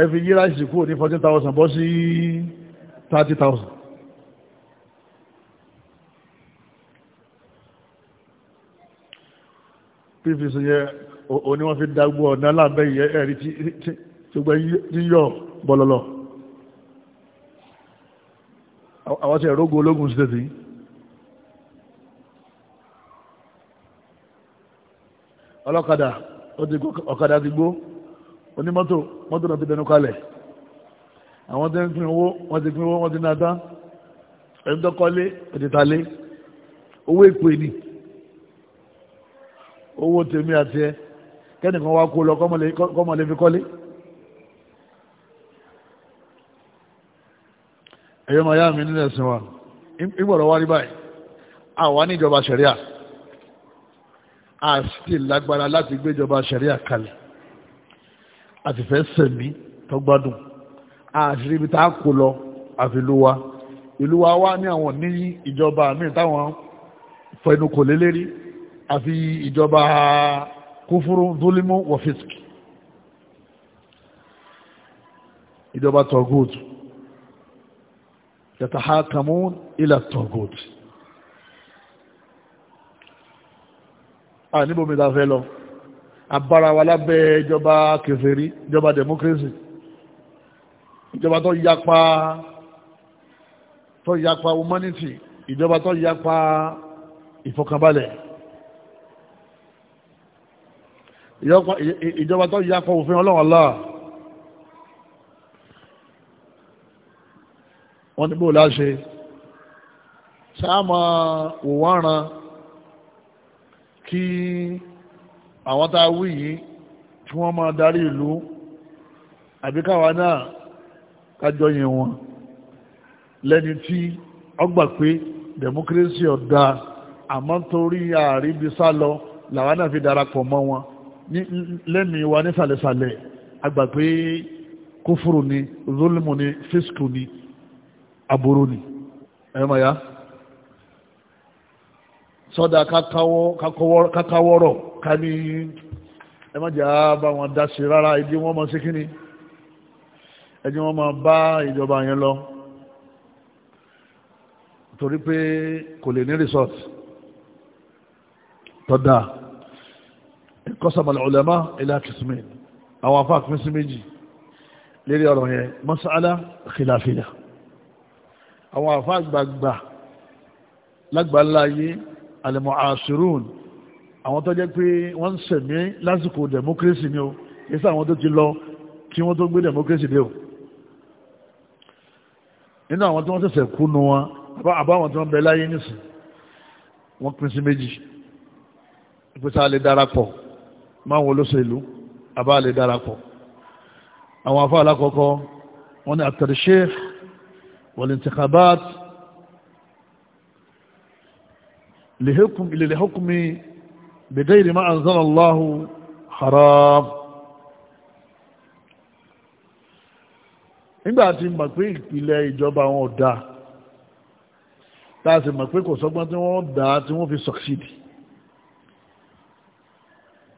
ẹ fi yí ráìsì kúrò ní fourteen thousand bọ́ sí thirty thousand. pvc yẹ òní wọ́n fi dágbó ọ̀nà lábẹ́ ìyẹ́ ẹ̀rí tí gbẹ́ yíyọ bọ́lọ́lọ́ àwọn tí ẹ̀rógún ológun stéètì yìí. ọlọ́kadà ọ̀kadà ti gbó onímọ́tò mọ́tò náà ti bẹnu kalẹ̀ àwọn tí ń pín owó wọ́n ti pín owó wọ́n ti náà tán ẹni tó kọ́lé òtítàlé owó èpè ni owó tèmi àti ẹ kẹ́nìkan wá kó lọ kọ́mọlé fi kọ́lé ẹ̀yọ́ màá yá mi nílẹ̀ sí wa ìgbọ̀rọ̀ wá rí báyìí àwa ní ìjọba ṣẹ̀ríà a sì lágbára láti gbéjọba ṣẹ̀ríà kalẹ̀ àti fẹ́ sẹ̀mí tọ́gbádùn àṣírí ibi tá a kó lọ àfi ìlú wa ìlú wa wá ní àwọn ní ìjọba míì táwọn fẹnu kò lélẹ́rí àfi ìjọba kúfúrú zulimu wọ̀fíìsì ìjọba tọ̀gọ́ọ̀tù yàtàhákàmú ilà tọ̀gọ́ọ̀tù à níbo mi ta fẹ́ lọ abára wa lábẹ́ ìjọba kèfèrí ìjọba democracy ìjọba tó yapa tó yapa humanity ìjọba tó yapa ìfọkànbalẹ̀ ìjọba tó yapa òfin ọlọ́run Allah wọ́n ní bó láṣe sáà máa kí àwọn tá a wí yìí tí wọ́n máa darí ìlú àbíkáwa náà kájọ yìn wọn lẹ́ni tí ọgbà pé democracy ọ̀dà àmọ́ torí àríbi sá lọ làwa náà fi darapọ̀ mọ́ wọn lẹ́mìí wa nísàlẹ̀sàlẹ̀ àgbà pé kófòrò ni zulmu ni fiskù ni aburú ni ẹ̀rọ mọ̀ ya sọ́dá kákáwọ́rọ̀ ká ní ẹmọ́jà bá wọn dáṣe rárá ìdí wọ́n mọ́ sí kíní ẹjí wọ́n máa bá ìjọba yẹn lọ torí pé kò lè ní resort tọ́dá kọ́sàmàlì ulama ila kìsìmì àwọn afá kìsìmì sí méjì lérí ọ̀rọ̀ yẹn mas'ala khilafiyya àwọn afá gbàgbà lágbàlá alimuasirun àwọn tó jẹ́ pé wọ́n ń sẹ̀mí lásìkò democracy ni o kìí sí àwọn tó ti lọ kí wọ́n tó gbé democracy dé o nínú àwọn tí wọ́n ṣẹ̀ṣẹ̀ kú nu wọn àbáwọn tí wọ́n bẹ láyé nísìn wọ́n pín sí méjì ìpèsè àlè darapọ̀ máwọn olóṣèlú àbá àlè darapọ̀ àwọn afọ alákọ̀ọ́kọ́ wọ́n ní àtẹ̀rẹ̀ṣẹ́ wọ̀lẹ̀ntìkàbáàtì lèlẹ́hùkùnmí bẹ̀dẹ́ ìrìnmá àǹzánàláhù haram nígbàtí mọ̀ pé ìpìlẹ̀ ìjọba wọn ò dáa táàsì mọ̀ pé kò sọ́gbọ́n tí wọ́n dáa tí wọ́n fi sọ̀ksìdì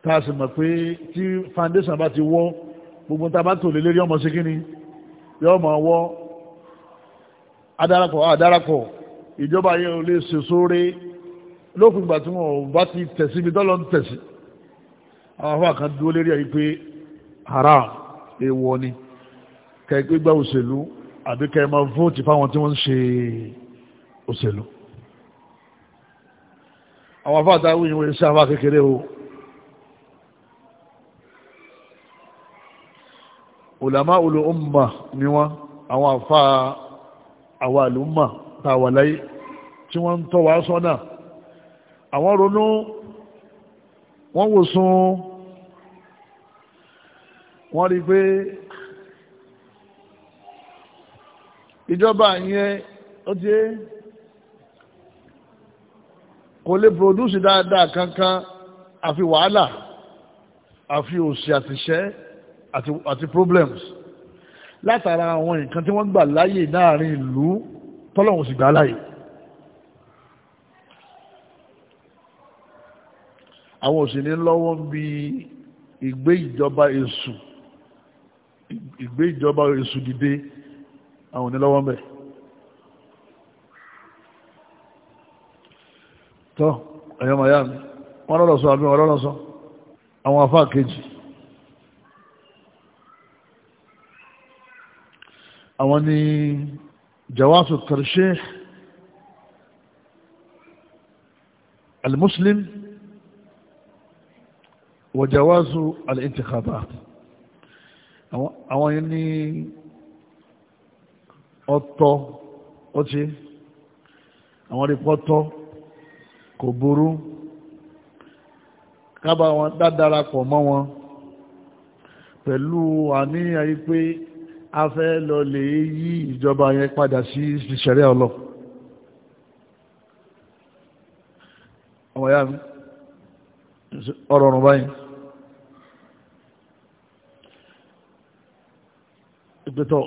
táàsì mọ̀ pé tí foundation bá ti wọ́ gbogbo tá a bá tò lé lérí ọmọ sí kíni yọ́ mọ̀ wọ́ adarapọ̀ adarapọ̀ ìjọba yẹn ò lè ṣe sóore lófin ìgbà tí wọn bá ti tẹ̀sí ibi tọ́lọ́ ń tẹ̀sí àwọn afọ àkàn dúró lérí ẹ̀yí pé haram èèwọ̀ ni kẹ́ẹ̀kẹ́ gba òṣèlú àbí kẹ́ẹ̀ máa vóòtì fáwọn tí wọ́n ń ṣe òṣèlú àwọn afọ àtàwọn ìwé iṣẹ́ afọ kékeré o ulama ulu umma ni wọn àwọn afọ àwọn àlùmọ̀ tàwàláyé tí wọ́n ń tọ́ wa sọ́nà àwọn ronú wọ́n wò sùn wọ́n rí pé ìjọba yẹn ó ti kò lè pòdúsì dáadáa kankan àfi wàhálà àfi òṣì àtìṣẹ́ àti problems látara àwọn nǹkan tí wọ́n gbà láàyè láàrin ìlú tọ́lọ̀wọ̀n sì gbà láàyè àwọn òsìní lọ́wọ́ ń bi ìgbé ìjọba èṣù ìgbé ìjọba èṣù dìde àwọn onílọ́wọ́ ń bẹ̀. tọ́ ẹ̀yọ́ màyá mi wọ́n lọ́rọ̀ sọ àbí wọ́n lọ́rọ̀ sọ àwọn afá kejì àwọn ni jawasu tarshih al-muslim wọ̀jáwázù alìntìkàbà àwọn yìí ní ọ̀tọ̀ ọtí àwọn rìpọ́tọ́ kò burú kábà wọn dádára pọ̀ mọ́ wọn pẹ̀lú àníyàn yìí pé a fẹ́ lọ lè yí ìjọba yẹn padà sí ìṣẹ̀rẹ́ ọlọ́ ọmọ yá mi ọ̀rọ̀ ọ̀rùn báyìí ìpètọ̀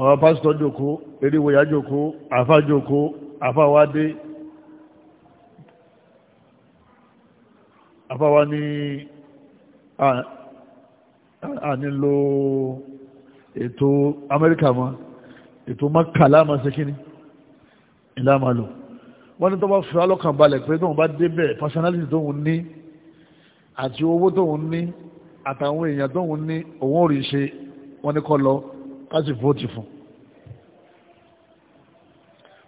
ọ̀rọ̀ pásítọ̀ jòkó eríwòyà jòkó àfá jòkó àfáwádé àfáwá ní ànílò ètò amẹ́ríkà mọ́ ètò mọ́kà láàmà sí kíní ìlàmà lò wọ́n ní tó bá fi alọ́kàn balẹ̀ pé tóun bá débẹ̀ personality tóun ní àti owó tóun ní àtàwọn èèyàn tóun ní òun ò rí ṣe wọ́n ní kọ́ lọ ká sì vóòtì fún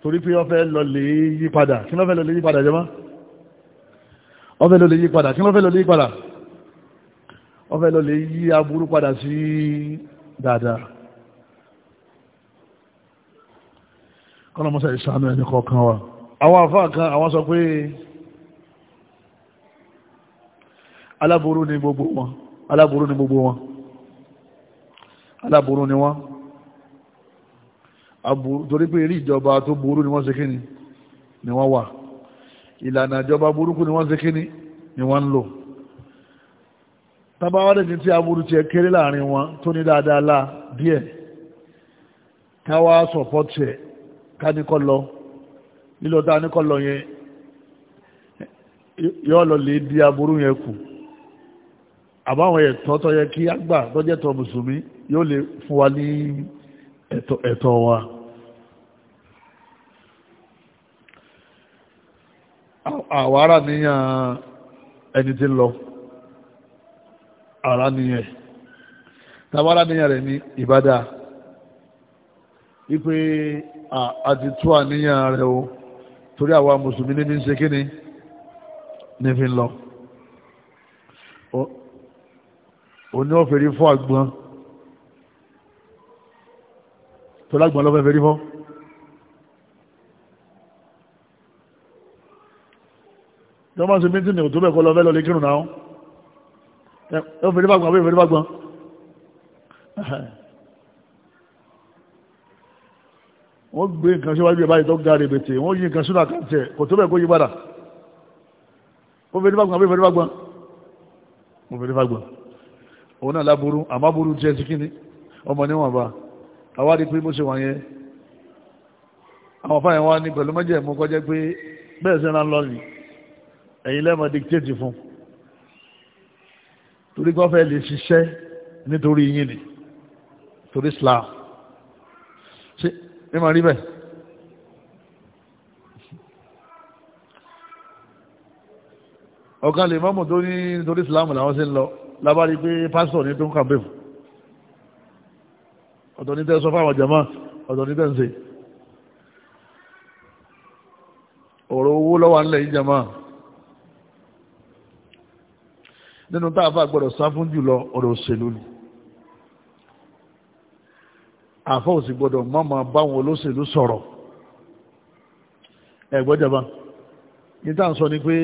torí pé wọ́n fẹ́ lọ lè yí padà kí wọ́n fẹ́ lọ lè yí padà jẹ́ máa wọ́n fẹ́ lọ lè yí padà kí wọ́n fẹ́ lọ lè yí padà wọ́n fẹ́ lọ lè yí aburú padà sí dáadáa kọ́nà mọ́sá ìṣàánú ẹni kọ̀ọ̀kan wa àwọn àfáà kan àwọn sọ pé aláburú ni gbogbo wọn aláburú ni gbogbo wọn aláburú ni wọn aburú torí pé eré ìjọba tó burú ni wọ́n ṣe kíni ni wọ́n wà ìlànà ìjọba burúkú ni wọ́n ṣe kíni ni wọ́n ń lò tábáwádẹ́ ní tí aburú ti kéré láàrin wọn tó ní dáadáa lá díẹ̀ káwá sọ̀pọ̀tì ẹ̀ káníkọ́ lọ lílọ tá a níkọ́ lọ yẹn yọ́ lọ lè di aburú yẹn kù àbáwọn ẹ̀tọ́ tó yẹ kí á gbà mùsùlùmí yóò lè fún wa ní ẹ̀tọ́ wa. àwárà níyàn ẹni tí ń lọ ara níyàn tàbára níyàn rẹ̀ ní ìbádà wípé àti tó àníyàn rẹ̀ o torí àwa mùsùlùmí níbi ń ṣe kí ni ní fi ń lọ òní ọ̀fẹ́rí fún àgbọn tó lágbọn lọ́fẹ́ fẹ́rí fún. tí wọ́n bá ń ṣe mítìnì ò tó bẹ̀ kọ́ lọ fẹ́ lọ lè kírun náà ó fèrè bá gbọ́n àbí fèrè bá gbọ́n wọ́n gbé nǹkan síwájú ẹ̀ báyìí tó ga rèbètè wọ́n yí nǹkan sínú àkàtẹ̀ kò tó bẹ̀ kó yí padà ó fèrè bá gbọ́n àbí fèrè bá gbọ́n ó fèrè bá gbọ́n òun náà láburú àmáburú jẹ́ sí kíní ọmọ níwọ̀nba àwárí pé bó ṣe wà yẹn àwọn fáyẹn wá ní pẹ̀lú mẹ́jẹ̀ mú kọjá pé bẹ́ẹ̀ sí ran lọ́rìn ẹ̀yin lẹ́mọ̀ dictate fún torí kọ́ fẹ́ lè ṣiṣẹ́ nítorí yín ni torí Islam ṣe ẹ máa rí bẹ́ẹ̀. ọ̀kan lè mọ́mù tó ní nítorí Islam làwọn ṣe ń lọ lábárí pé pásítọ̀ ní tó ń kàmbé fún ọ̀tọ̀ ní tẹ́ sọ fáwọn jàmá ọ̀tọ̀ ní tẹ́ ń ṣe ọ̀rọ̀ owó lọ́wọ́ ńlẹ̀ yìí jàmá nínú tá a fà gbọ́dọ̀ sá fún jùlọ ọ̀rọ̀ òṣèlú ni àfọ́ òsì gbọ́dọ̀ má máa báwọn olóṣèlú sọ̀rọ̀ ẹ̀gbọ́jọba ní ń sọ ni pé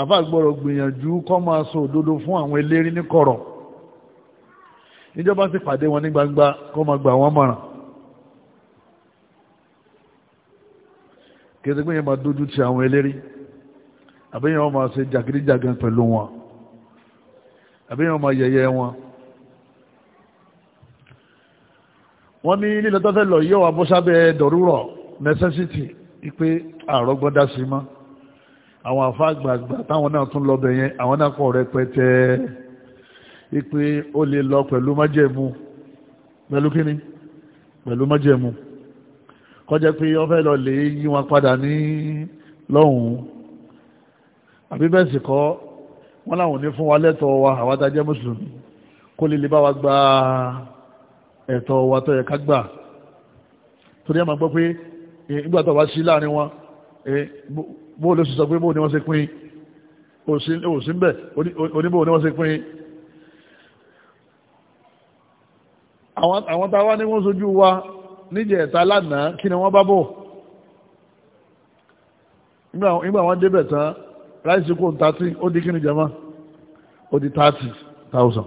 àfà gbọ́dọ̀ gbìyànjú kọ́ máa sọ òdodo fún àwọn eléré ní kọ̀rọ̀ ìjọba ti pàdé wọn ní gbangba kọ́ máa gbà wọ́n mọ̀ràn kí ẹsẹ̀ pé yẹn máa dojú ti àwọn eléré àbẹ́yẹn wọn máa ṣe jàgídíjàgan pẹ̀lú wọn àbí wọn máa yẹyẹ wọn wọ́n ní lílọ tó fẹ́ lọ yíò wà bó necessity ipe àrọ́gbọ́n dá sí mọ́ àwọn àfáà gbàgbà táwọn náà tún lọ bẹ̀ yẹn àwọn náà kọ̀ rẹpẹtẹ ipe ó lè lọ pẹ̀lú májẹ̀mú pẹ̀lú kíni pẹ̀lú májẹ̀mú kọjá pé wọ́n fẹ́ lọ lè yí wọn padà ní lọ́hùn àbí bẹ́ẹ̀ sì kọ́ wọ́n láwọn ní fún wa lẹ́tọ̀ọ́ wa àwa tá jẹ́ mùsùlùmí kó lè lè bá wa gba ẹ̀tọ́ wa tó yẹ ká gbà torí àmà gbọ́ pé nígbà tó wá sí láàrin wọn bó ló sọ pé bó ni wọ́n ṣe pín àwọn táwa ní wọ́n sojú wa níjẹ̀ ẹ̀ta lánàá kí ni wọ́n bá bọ̀ nígbà wọ́n débẹ̀ tán ráìsì kò thirty ó di kíni jama ó di thirty thousand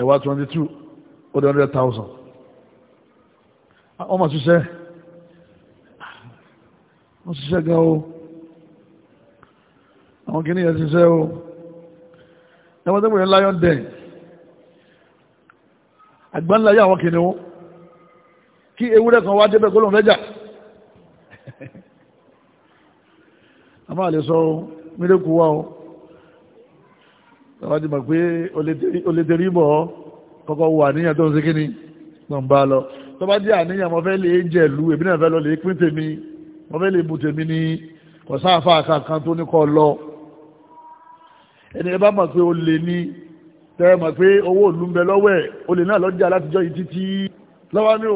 ẹ̀wà twenty two ó di hundred thousand wọ́n máa ṣiṣẹ́ wọ́n ṣiṣẹ́ gan o àwọn kìíní yẹn ṣiṣẹ́ o ẹwọ́n tó wòye lion den àgbáńlá yà àwọn kìíní o kí ewúrẹ́ kan wá débẹ̀ kó lóun fẹ́ jà a máa lè sọ mílíkù wá o tàbí mọ̀ pé o lè tẹ̀rí bọ̀ ọ́ kọ́kọ́ wo àníyàn tó ń ṣe kíní tó ń bá lọ tó bá jẹ́ àníyàn mo fẹ́ lè jẹ̀lú èmi náà fẹ́ lọ lè pín tèmi mo fẹ́ lè bu tèmi ní kọ̀sáàfà kankan tó ní kọ́ lọ ẹni ẹ bá mọ̀ pé o lè ní tẹ́ mọ̀ pé owó òlú ń bẹ lọ́wọ́ ẹ̀ o lè náà lọ́jà látijọ́ yìí títí lọ́wọ́ ní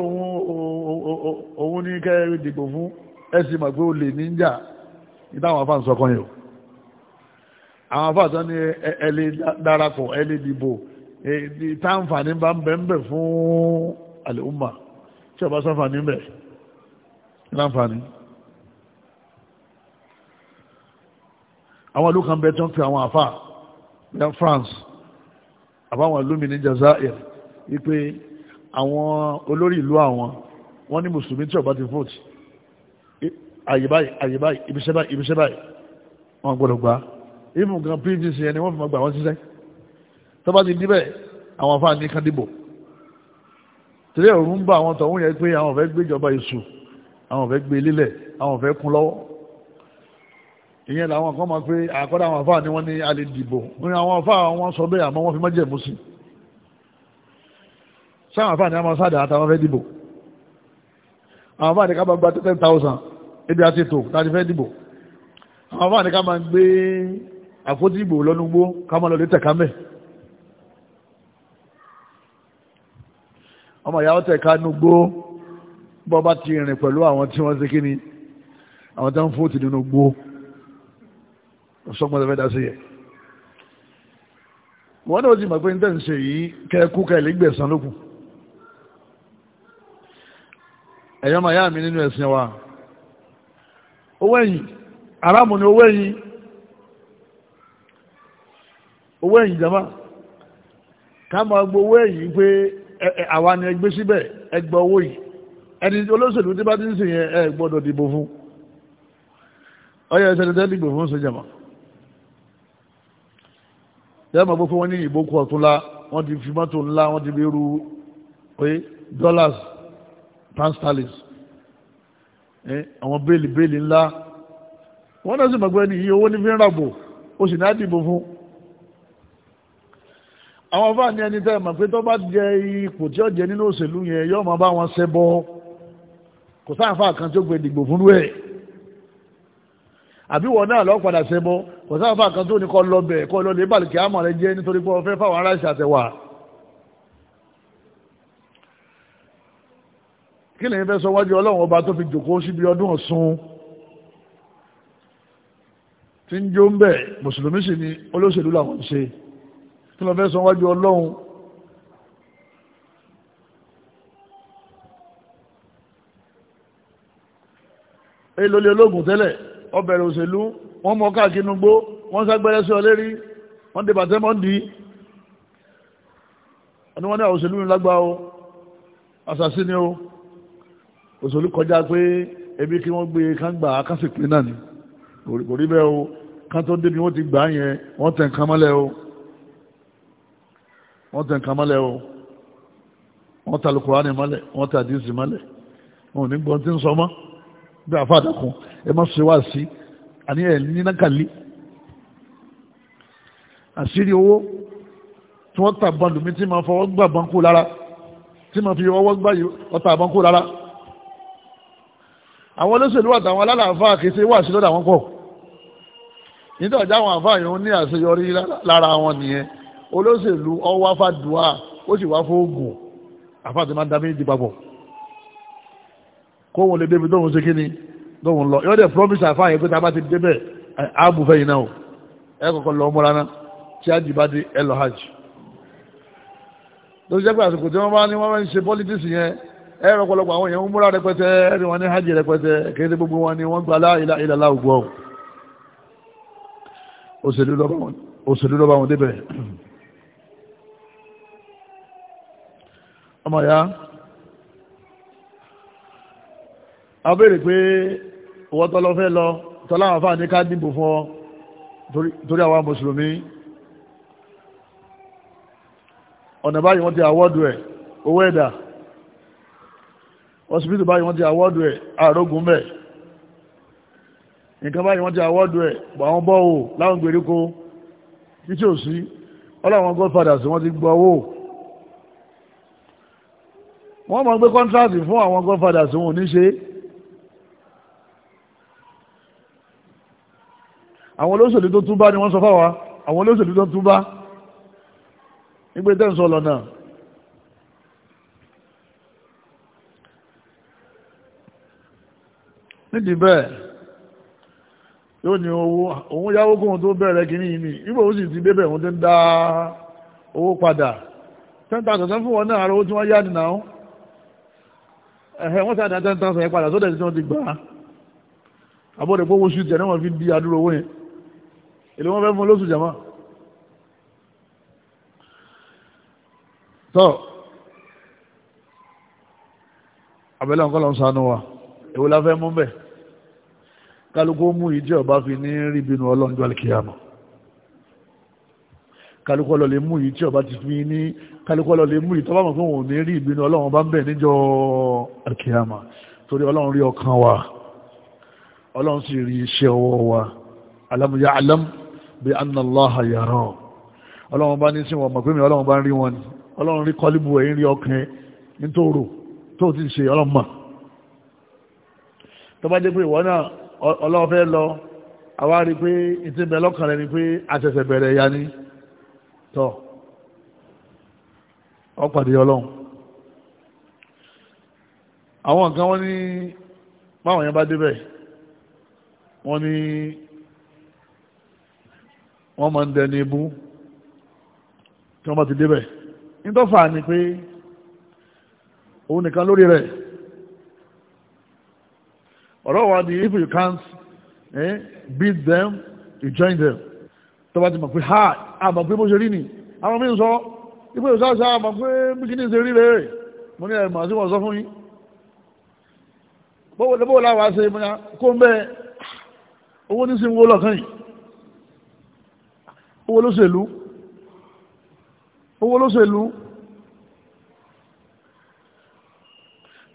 òun ní kẹ́ dìbò fún ẹ sì mọ̀ pé o lè ní jà ìtàwọn afá ń sọ kan yìí o àwọn afá sọ ní ẹlẹ́ darapọ̀ ẹlẹ́ dìbò táǹfààní bá ń bẹ̀ ń bẹ̀ fún àlèhùnmá tí ọba sáǹfààní ń bẹ̀ láǹfààní. àwọn ìlú kan bẹ tó ń fi àwọn àfà ní France àbáwọn ìlú mi ní Jazair wípé àwọn olórí ìlú àwọn wọn ní mùsùlùmí tí ọba ti vote àyè báyìí àyè báyìí ibiṣẹ́ báyìí ibiṣẹ́ báyìí wọ́n gbọ́dọ̀ gbá ìmú gan pvc ẹni wọ́n fi máa gbà wọ́n ṣiṣẹ́ tó bá ti díbẹ̀ àwọn afáà ní kan dìbò torí ẹ̀rù ń bá àwọn tọ̀hún yẹn pé àwọn fẹ́ gbéjọba èṣù àwọn fẹ́ gbé lílẹ̀ àwọn fẹ́ kún lọ́wọ́ ìyẹn làwọn kan máa pé àkọ́dá àwọn afáà ni wọ́n ní a lè dìbò ní àwọn afáà wọn sọ bẹ́ẹ̀ àmọ́ wọ́n fi májẹ̀mú sí sáwọn afáà ni a máa sáàdà àtàwọn fẹ́ dìbò àwọn afáà ni ká bá gba ten thousand ebi àti ètò láti fẹ́ dìbò àwọn afáà ní ká máa gbé àfótí ìbò lọ́nugbó ká máa lọlé tẹ̀ka mẹ́ ọmọ ìyàwó tẹ̀ka nugbó bọ́ bá ti rìn pẹ̀lú àwọn tí wọ́n ṣe kí ni àwọn tó ń fóòtì nínú gbó sọ́gbọ́n tẹ́fẹ́ dá sí yẹ wọ́n náà ti mọ̀ pé ní tẹ́ǹsẹ̀ yìí kẹ́ẹ̀kú kẹ́ẹ̀lẹ́ gbẹ̀sán lókun ẹ̀yọ́ màá yá mi nínú ẹ̀sìn wa owó ẹ̀yìn aráàmù ni owó ẹ̀yìn owó ẹ̀yìn jama ká máa gbowó ẹ̀yìn pé àwa ni ẹgbẹ́ síbẹ̀ ẹgbẹ́ owó yìí ẹni olóṣèlú tí bá ti ń sìn yẹn ẹ gbọ́dọ̀ dìbò fún ọyọ ẹsẹ̀ dìbò fún ṣe jama yẹ́n máa gbọ́ fún wọn ní ìbókù ọ̀túnla wọ́n ti fi mọ́tò ńlá wọ́n ti bí irú pé dollars pound sterling àwọn bẹ́ẹ̀lì bẹ́ẹ̀lì ńlá wọ́n náà sì mọ̀gbẹ́ ní iye owó ní fi ń ràbò ó sì náà dìbò fún àwọn afá ní ẹni tẹ́ mọ̀ pé tó bá jẹ ipò tí ó jẹ nínú òṣèlú yẹn yóò máa bá wọn ṣẹbọ kò sáàfà kan tí gbé dìgbò fún rẹ̀ àbí wọn náà lọ padà ṣẹbọ kò sáàfà kan tó ní kọ lọ bẹ̀ kọ lọ lè bàlùkì àmọ̀ rẹ jẹ́ nítorí pé ọ fáwọn aráàlú kí lèyìn fẹ́ sọ wájú ọlọ́run ọba tó fi jòkó síbi ọdún ọ̀ṣun tí ń jó ń bẹ̀ mùsùlùmí sì ni olóṣèlú làwọn ń ṣe kí ló fẹ́ sọ wájú ọlọ́run elóli ológun tẹ́lẹ̀ ọbẹ̀rẹ̀ òṣèlú wọ́n mọ káàkiri gbó wọ́n ságbẹ́rẹ́ sí ọlẹ́rí wọ́n dé bàtẹ́ mọ́ndì ọdún wọn ní àwọn òṣèlú ńlágbá o àṣàṣí ni o òṣèlú kọjá pé ẹbí kí wọ́n gbé kán gbà náà ni kò rí bẹ́ẹ̀ o kán tó débi wọ́n ti gbà yẹn wọ́n tẹ̀ nǹkan mọ́lẹ̀ o wọ́n tẹ̀ nǹkan mọ́lẹ̀ o wọ́n ta Al-Kùránì mọ́lẹ̀ wọ́n ta àdìsí mọ́lẹ̀ wọn ò ní gbọ́n tí ń sọ mọ́ bí àfa àdàkùn ẹ má ṣe wá sí àní ẹ̀ nínákàlí àṣírí owó tí wọ́n ta bọ́ndùmí tí máa fọwọ́ gbà bọ́ńkù lára tí máa fi ọwọ́ gbà ọta bọ́ńkù àwọn olóṣèlú àtàwọn alálàáfà kìí ṣe wà sí lọ́dọ̀ àwọn pọ̀ nítorí ọjà àwọn àfà yìí ó ní àṣeyọrí lára wọn nìyẹn olóṣèlú ọwọ́ afádùá ó sì wá fóògùn àfà tí máa ń da méjì papọ̀ kó wọn lè débi tóun ṣe kíni tóun lọ yóò dé promise àfà yẹn pé tá a bá ti débẹ̀ ààbùfẹ́ yìí náà ẹ kọ̀kọ́ lọ múra náà tí ájì bá dé ẹ lọ hajj lóṣìṣẹ́ pé àsìkò tí wọ́n bá ní wọ́n ń ṣe politics yẹn ẹ̀rọ ọ̀pọ̀lọpọ̀ àwọn èèyàn ń múra rẹpẹtẹ ẹni wọn ní hajj rẹpẹtẹ kéde gbogbo wọn ni wọ́n gba láìlà ìlàlá ògbọ́ òṣèlú lọ́ba wọn débẹ̀ ọmọ ya a béèrè pé wọ́n tọ́lọ́ fẹ́ lọ tọ́lá àwọn afáàní ká dìbò fún ọ torí àwọn mùsùlùmí ọ̀nà báyìí wọ́n ti àwọ́dù ẹ̀ owó ẹ̀dà hospital báyìí wọ́n ti àwọ́dù ẹ̀ àrógún mẹ́ nǹkan báyìí wọ́n ti àwọ́dù ẹ̀ bọ̀ àwọn bọ́ọ̀ láwọn gbèríko títí ò sí ọlọ́wọ́n godfathers wọ́n ti gbọ́ owó wọ́n mọ̀ gbé contract fún àwọn godfathers wọn ò ní ṣe àwọn olóṣèlú tó túbá ni wọ́n sọ fáwa àwọn olóṣèlú tó túbá nígbé tẹ́ǹsọ̀ lọ́nà nídìí bẹ́ẹ̀ yóò ní owó òun yáwó kóhun tó bẹ̀rẹ̀ kìíní yìí ni ibò ó sì ti débẹ̀ òun tó ń dá owó padà ten thousand fún wọn náà ara owó tí wọ́n yá nìyà ó ẹ̀hẹ́ wọ́n sàdá ten thousand yẹn padà sódẹ̀ tí wọ́n ti gbà á àbọ̀dẹ̀ pé owó oṣù tẹ̀ náà wọ́n fi di àdúrà owó yẹn èlé wọ́n fẹ́ fún lóṣù jàmá. tọ́ abẹ́lẹ́ ọ̀kọ́ lọ́n wa èwo la fẹ́ mú bẹ̀ kálukú mú yìí tí ọba fi ní rí bínú ọlọ́njọ́ alikiyama kálukú ọlọ́lẹ̀ mú yìí tí ọba ti fi ní kálukú ọlọ́lẹ̀ mú yìí tọ́ba mọ̀ fún òun ní rí ọlọ́run bá ń bẹ̀ níjọ́ alikiyama torí ọlọ́run rí ọkàn wa ọlọ́run sì rí iṣẹ́ ọwọ́ wa alam ya'lam bí anna Allaha ọlọ́run bá ní sí wọn mọ̀ pé mi ọlọ́run bá ń rí wọn ọlọ́run rí kọ́líbù ẹ̀yìn rí ọkàn ẹ̀ nítorò tó ti ṣe ọlọ́run mọ̀ tó bá dé pé ìwọ náà ọlọ́ọ̀fẹ́ lọ àwa rí pé ìtì bẹ lọ́kàn rẹ ni pé àṣẹ̀ṣẹ̀ bẹ̀rẹ̀ ya ni tọ́ ọ̀pàdé ọlọ́run àwọn nǹkan wọ́n ní báwọn yẹn bá débẹ̀ wọ́n ní wọ́n máa ń dẹni ibú tí wọ́n bá ti débẹ̀ nítọ́fà ni pé òun nìkan lórí rẹ̀ ọ̀rọ̀ wa ni if you can't eh, beat them you join them tó bá ti mọ̀ pé ha àmọ̀ pé bó ṣe rí ni àwọn mí ń sọ ipò ìsáṣà àmọ̀ pé bí kí ní ṣe rí rèé mo ní ẹ̀mọ̀ sí wọ́n sọ fún yín bó láwàá ṣe kó ń bẹ́ẹ̀ owó ní sí ń wó lọ́kàn yìí owó ló ṣèlú owó ló ṣèlú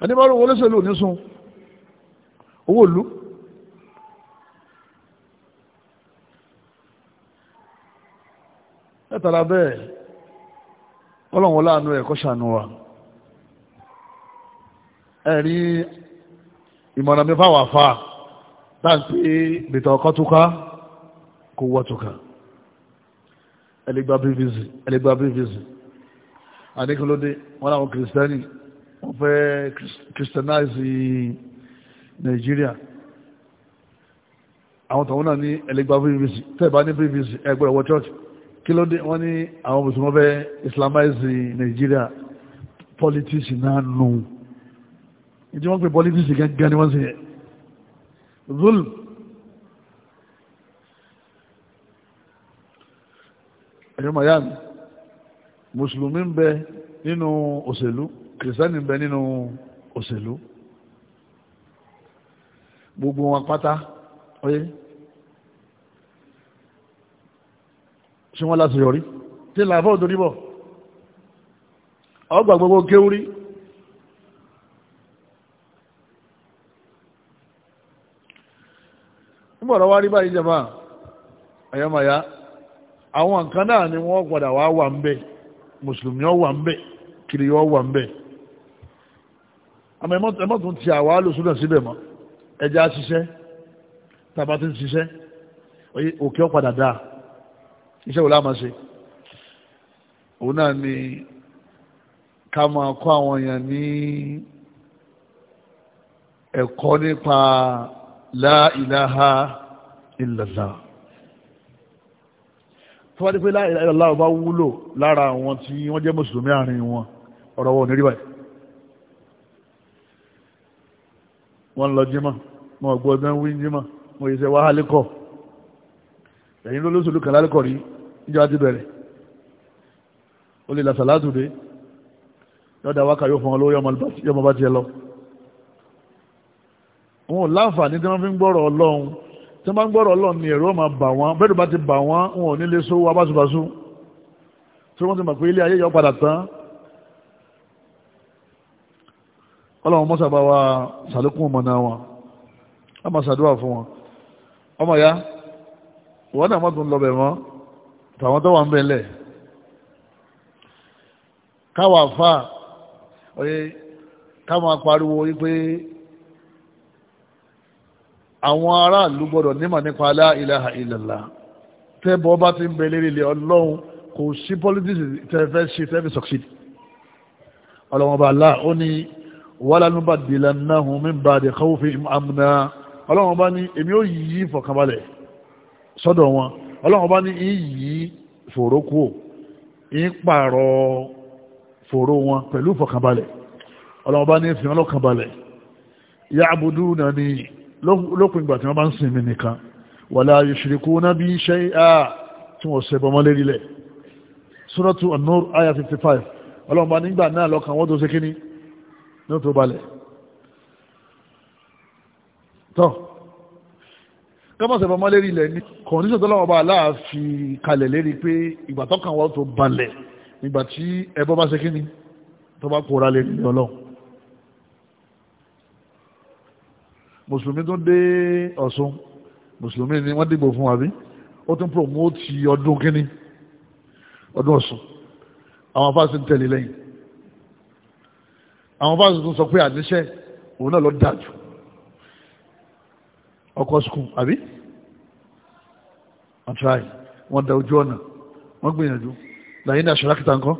ẹni bá rú owó ló ṣèlú ní sun owó ìlú látara bẹ́ẹ̀ ọlọ́run láàánú ẹ̀ kọ́ ṣàánú wa ẹ̀rí ìmọ̀ràn mi fáwọn àfa táǹpé bìtọ̀ ọkọ̀ túká kó wọ́ túká ẹlẹgbà bíbíìsì ẹlẹgbà bíbíìsì àníkúlódé wọn làwọn kìrìsìtẹ́nì wọn fẹ́ kìrìsìtẹ́náìsì nàìjíríà àwọn tọ̀hún náà ní ẹlẹgbà privc tẹ́ẹ̀bá ní privc ẹgbẹ́ ọwọ́ church kí ló dé wọ́n ní àwọn mùsùlùmọ́ fẹ́ islamize nàìjíríà politics náà nù ìdí wọ́n pè politics gángan ni wọ́n sì yẹ zulm ẹ̀yọ́ miami mùsùlùmí ń bẹ nínú òṣèlú kìrìsìtánì ń bẹ nínú òṣèlú gbogbo wọn pátá oye, ṣe wọ́n láti yọrí tí làáfọ́ òdòdí bọ̀ ọgbà gbogbo kéwúrí nígbọ̀rọ̀ wá rí báyìí jẹma àyàmàyà àwọn nǹkan náà ni wọ́n gbọ́dà wá wà ń bẹ́ mùsùlùmí ọ wà ń bẹ́ kiri ọ wà ń bẹ́ àmọ́ ẹmọ́tún ti àwà lòsùn náà síbẹ̀ mọ́ ẹja ṣiṣẹ́ tàbá ti ń ṣiṣẹ́ òkè ọ̀padà dáa iṣẹ́ wò láàmà ṣe òun náà ni ká máa kọ́ àwọn èèyàn ní ẹ̀kọ́ nípa la ilaha illallah tó wá dé pé la ilaha ọba wúlò lára àwọn tí wọ́n jẹ́ mùsùlùmí àárín wọn ọ̀rọ̀ wọn ò ní rí báyìí wọ́n lọ jímọ̀ wọn ò gbọ́dọ̀ ń wí jímọ̀ wọn yìí ṣe wàhálì kọ̀ ẹ̀yin ló lóṣèlú kan lálẹ́kọ̀ rí níjọ́ àti bẹ̀rẹ̀ ó lè làṣà látùdé yọ̀dà wákà yóò fún wọn lówó yọmọ bá tiẹ̀ lọ. wọn ò láǹfààní tí wọ́n fi ń gbọ́rọ̀ ọlọ́run tí wọ́n bá ń gbọ́rọ̀ ọlọ́run ni ẹ̀rọ máa bà wọ́n bẹ́ẹ̀ bá ti bà wọ́n wọn ò ní sówó abásùbásù tí wọ́n ti mọ̀ pé ilé ayé yọ padà tán ọlọ́run mọ́sà bá wa sàlékún ọmọ náà wọn a máa ṣàdúrà fún wọn ọmọ ya ìwọ́n náà mọ́tò ń lọ bẹ̀ mọ́ tàwọn tó wà ń bẹ̀lẹ̀ káwà fà oye ká máa pariwo wípé àwọn aráàlú gbọ́dọ̀ nímọ̀ nípa la ilaha illallah tẹ́bọ̀ bá ti ń bẹ lérí ilé ọlọ́run kò sí politics tẹ́fẹ́ ṣe tẹ́fẹ́ succeed ọlọ́run ọba aláà ó ní wala nubaddilannahum min ba'di khawfihim amna ọlọ́run bá ní èmi ó yí fọ̀kànbalẹ̀ sọ́dọ̀ wọn ọlọ́run bá ní yí fòró kú ò ń pààrọ̀ fòró wọn pẹ̀lú fọ̀kànbalẹ̀ ọlọ́run bá ní fi wọn lọ́kànbalẹ̀ ya'budunani lópin ìgbà tí wọ́n bá ń sinmi nìkan wala yushrikuna bi shay'a tí wọ́n ṣe bọmọ lérílẹ̀ Suratu An-Nur aya 55 ọlọ́run bá nígbà náà lọ́kàn wọ́n tó ṣe kíní ní ó tó balẹ̀ tọ́ kọ́mọ̀sẹ̀ bọ́ mọ́lérí ilẹ̀ ní kọ̀ǹdíṣọ̀ tó lọ́wọ́ bá aláàfi kalẹ̀ lérí pé ìgbà tọ́kàn wọ́n tó balẹ̀ nígbà tí ẹbọ bá ṣe kíni tó bá kóra lè ní ọlọ́run mùsùlùmí tó dé ọ̀ṣun mùsùlùmí ni wọ́n dìbò fún wa bí ó tún promote ọdún kíní ọdún ọ̀ṣun àwọn afáàsì tẹ̀lé lẹ́yìn àwọn fásitì tún sọ pé àníṣe òun náà lọ dájú ọkọ̀ skul àbí wọ́n try wọ́n da ojú ọ̀nà wọ́n gbìyànjú làyín náà ṣọlákìtà ńkọ́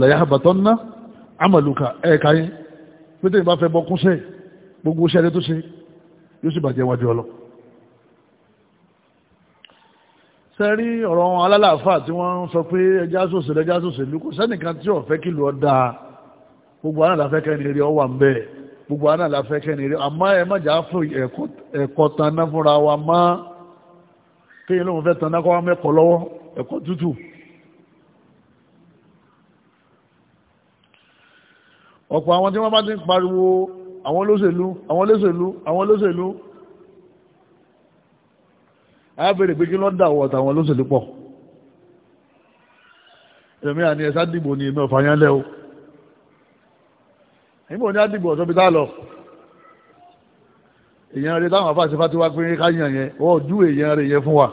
làyà àbàtọ́ ńná àmàlùkà ẹ̀ẹ̀ka yín pété ìbá fẹ́ bọ́kún sẹ́ẹ̀ gbogbo iṣẹ́ ẹni tó ṣe yóò sì bàjẹ́ wájú ọlọ. sẹ́rí ọ̀rọ̀ alálàáfà tí wọ́n sọ pé ẹja sòṣèlú ẹja sòṣèlú kò sẹ́nìkan tí ò fẹ́ kí lù ọ́ dáa gbogbo àná la fẹ́ kẹ́ni eré ọwà ń bẹ́ẹ̀ gbogbo àná la fẹ́ kẹ́ni eré àmọ́ ẹ má jà á fún ẹ̀kọ́ tanná fúnra wa má kéèyàn lóun fẹ́ tanná kọ́ wa mẹ́kọ̀ọ́ lọ́wọ́ ẹ̀kọ́ tútù. ọ̀pọ̀ àwọn tí wọ́n bá ti ń pariwo àwọn olóṣèlú àwọn olóṣèlú àwọn olóṣèlú a pé kí lọ́dà wọ̀ tàwọn olóṣèlú pọ̀ èmi àni ẹ̀sà dìbò ni èmi ọ̀fà yẹn lẹ́wọ̀ níbo ní àdìgbò ọ̀sọ́ bí tá lọ èèyàn rẹ táwọn afáàṣẹ fati wá pín káyàn yẹn ọ ju èèyàn rẹ yẹn fún wa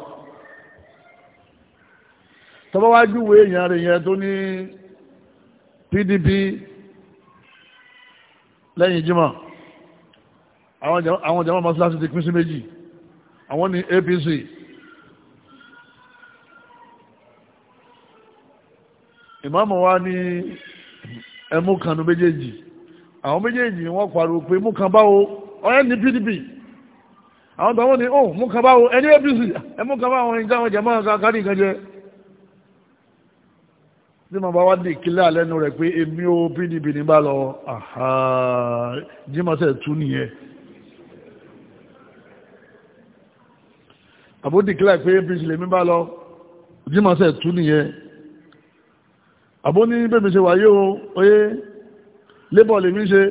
tọ́ba wá júwe èèyàn rẹ yẹn tó ní PDP lẹ́yìn jimá àwọn jama masalasi ti pín sí méjì àwọn ní APC ìmáàmù wa ní ẹmú kanu méjèèjì àwọn méjèèjì wọ́n pariwo pé mú kan báwo ọ̀rẹ́ ní pdp àwọn tọ́wọ́ ni oh mú kan báwo ẹni apc ẹ mú kan báwo ẹni táwọn jẹ̀mọ́ kárí nǹkan jẹ tí màá bá wá ní ìkílẹ̀ àlẹ́nu rẹ̀ pé èmi ó pdp ní bá lọ jímọ̀sẹ̀ tú nìyẹn àbódìkílẹ̀ pé apc lèmi bá lọ jímọ̀sẹ̀ tú nìyẹn àbó ní bẹ́ẹ̀ mi ṣe wáyé o oyé lébọ̀ lèmi ṣe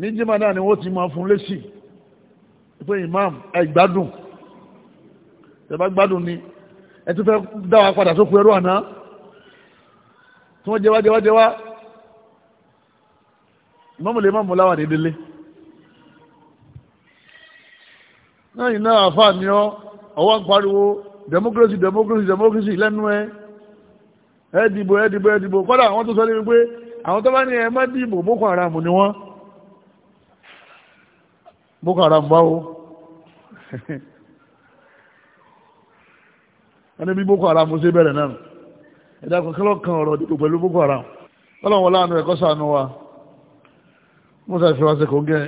ní jimá ni wọ́n ti máa fún lésì pé imam ẹ gbádùn ẹ bá gbádùn ni ẹ tún fẹ́ dá wa padà tó kú ẹrú àná tí wọ́n jẹ́wá jẹ́wá jẹ́wá ìmọ̀mọ̀lẹ́ ìmọ̀mọ̀ láwà ní délé náà yìí náà àfáà ni ọwọ́ ń democracy democracy democracy lẹ́nu ẹ̀ ẹ dìbò ẹ dìbò ẹ dìbò kọ́dà àwọn tó sọ ní wípé àwọn tó bá ní ẹ má dìbò Boko Haram ni wọ́n Boko Haram báwo wọ́n ní bí Boko Haram ṣe bẹ̀rẹ̀ náà ẹ dákun kan ọ̀rọ̀ dìbò pẹ̀lú Boko Haram ọlọ́run láàánú ẹ̀kọ́ sànú wa mọ́sàáfíwáṣẹ́ kò gẹ́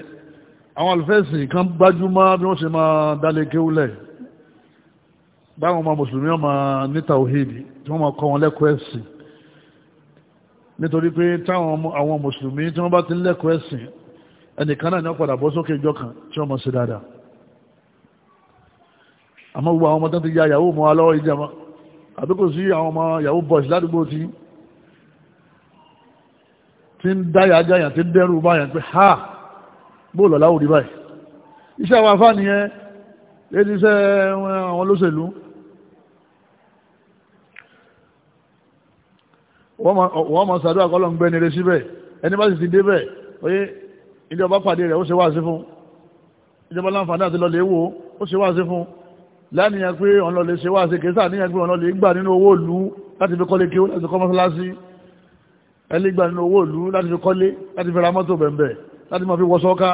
àwọn alifẹ́sìn kan gbájúmọ́ bí wọ́n ṣe máa dálé kéwúlẹ̀ báwọn ọmọ mùsùlùmí ọmọ ní tàwhídì tí wọ́n máa kọ́ wọn lẹ́kọ̀ọ́ ẹ̀sìn nítorí pé táwọn àwọn mùsùlùmí tí wọ́n bá ti lẹ́kọ̀ọ́ ẹ̀sìn ẹnìkan náà ní wọ́n padà bọ́ sókè ìjọ kan tí wọ́n mọ̀ sí dáadáa àmọ́ gbogbo àwọn ọmọ tó ti ya yahoo mọ́ alọ́wọ́ ìjàmá àbí kò sí àwọn ọmọ yahoo boys ládùúgbò tí tí ń dáyà ajáyà tí ń dẹ́rù báyà pé ha bóòlọ̀ láwùrí báyìí iṣẹ́ àwọn afá nìyẹn èyí ti iṣẹ́ àwọn olóṣèlú wọ́n mọ̀ sàdúrà kọ́ lọ́n gbẹ́ni rẹ síbẹ̀ ẹni bá sì ti débẹ̀ oyé ìjọba pàdé rẹ̀ ó ṣe wáàsí fún ìjọba láǹfààní àti lọ́lẹ̀ wò ó ṣe wáàsí fún láníyàn pé ọ̀nà lè ṣe wáàsí kìí sàníyàn pé ọ̀nà lè gbà nínú owó ìlú láti fi kọ́lé kí ó láti kọ́ mọ́sálásí ẹlẹ́ gbà nínú owó ìlú láti fi kọ́lé láti fi ra mọ́tò bẹ̀m̀bẹ̀ láti máa fi wọ sọ́ká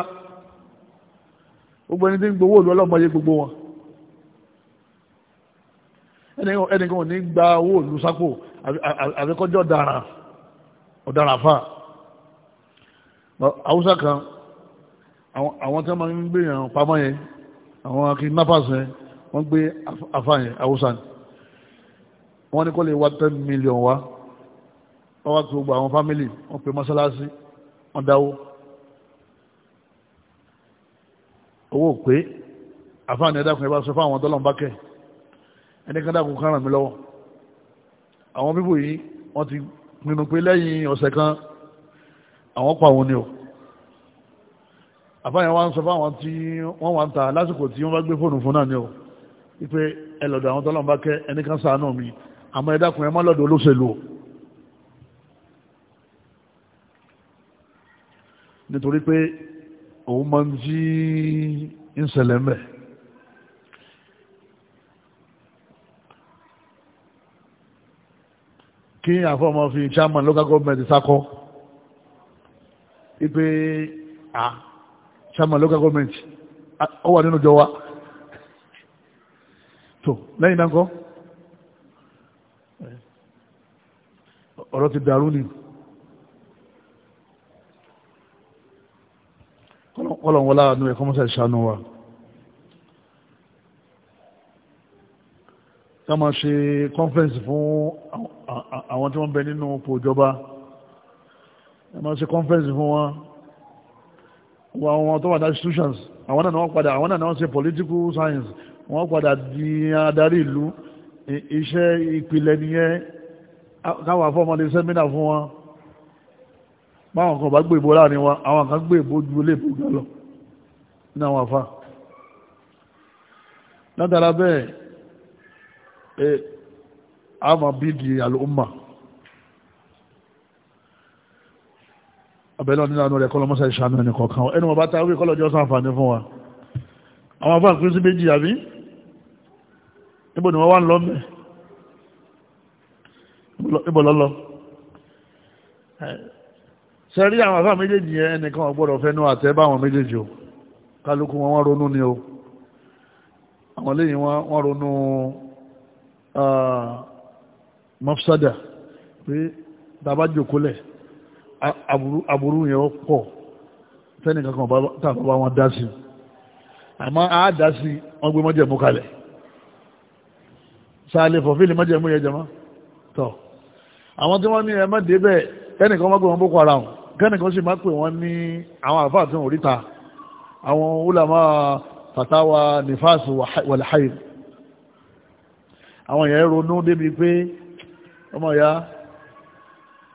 gbogbo ẹni tí ń gbowó ìlú ọlọ́mọye gbogbo wọn ẹnìkan ò ní gba owó ìlú sápò àbíkọ́jọ́ dára ọ̀dára fà haúsá kan àwọn tí wọ́n máa ń gbé yàn pamọ́ yẹn àwọn kidnappers yẹn wọ́n gbé afá yẹn haúsá ni wọ́n ní kọ́ lè wá ten million wá wọ́n wá gbogbo àwọn family wọ́n pe mọ́sálásí wọ́n dáwó owó pé àfáàní ẹ̀dàkùn ẹ̀bá sọ fún àwọn tọ́lọ̀ ń bá kẹ́ ẹnìkan dàkùn káràn mi lọ́wọ́ àwọn bíbò yìí wọ́n ti pinnu pé lẹ́yìn ọ̀sẹ̀ kan àwọn pa òun ni o àbáyẹn wá ń sọ fáwọn tí wọ́n wà ń ta lásìkò tí wọ́n bá gbé fóònù fún náà ni o wípé ẹ àwọn tọ́lọ́run bá kẹ́ ẹnìkan ṣàánú mi àmọ́ ẹ dákun ẹ olóṣèlú o nítorí pé òun máa ń jí ń ṣẹlẹ̀ mẹ́ẹ̀. kí àfọ́mọ́ fi chairman local government sákọ́ ipe a chairman local government ó wà nínú jọ wa tó lẹ́yìn náà kọ́ ọ̀rọ̀ ti dàrú ni kọ́lọ̀ wọlá àánú ẹ̀kọ́ mọ́sẹ̀ ṣàánú wa. ká máa ṣe conference fún àwọn tí wọ́n bẹ nínú òpó ìjọba ká máa ṣe conference fún wọn wọ́n àwọn tó wà ní institutions àwọn náà wọ́n padà àwọn náà wọ́n ṣe political science wọ́n padà di adarí ìlú iṣẹ́ ìpìlẹ̀ nìyẹn káwọn afọ́mọdé sẹ́mínà fún wọn báwọn kan bá gbé ìbò láàrin wa àwọn kan gbé ìbò ju ilé ìbò lọ ní àwọn àfa látara bẹ́ẹ̀ a máa bí di àlùmà abẹ́lẹ́ ọ̀nà ìlànà rẹ̀ kọ́lọ́ mọ́sá ìṣàánú ẹni kọ̀ọ̀kan ẹni wọ́n bá ta wí kọ́lọ́ jọ sáǹfààní fún wa àwọn afá pín sí méjì àbí níbo ni wọ́n wá ń lọ mẹ́ níbo lọ́lọ́ sẹ́rí àwọn afá méjèèjì yẹn ẹnìkan ọ̀gbọ́dọ̀ fẹ́nu àtẹ́ bá àwọn méjèèjì mafsada pé tàbá jòkólẹ̀ aburú yẹn pọ̀ tẹ́nìkan kan tàbá bá wọn dá sí àmọ́ a dá sí wọ́n gbé mọ́jẹ̀mú kalẹ̀ sáàlẹ̀ fọ̀fíìlì mọ́jẹ̀mú yẹn jẹmọ́ tọ́ àwọn tí wọ́n ní ẹ má dé bẹ́ẹ̀ kẹ́nìkan má gbé wọn boko haram kẹ́nìkan sì má pè wọ́n ní àwọn àfáà tí wọ́n ríta àwọn ulama fatawa nifas wal àwọn èèyàn ronú débi pé ọmọ ìyá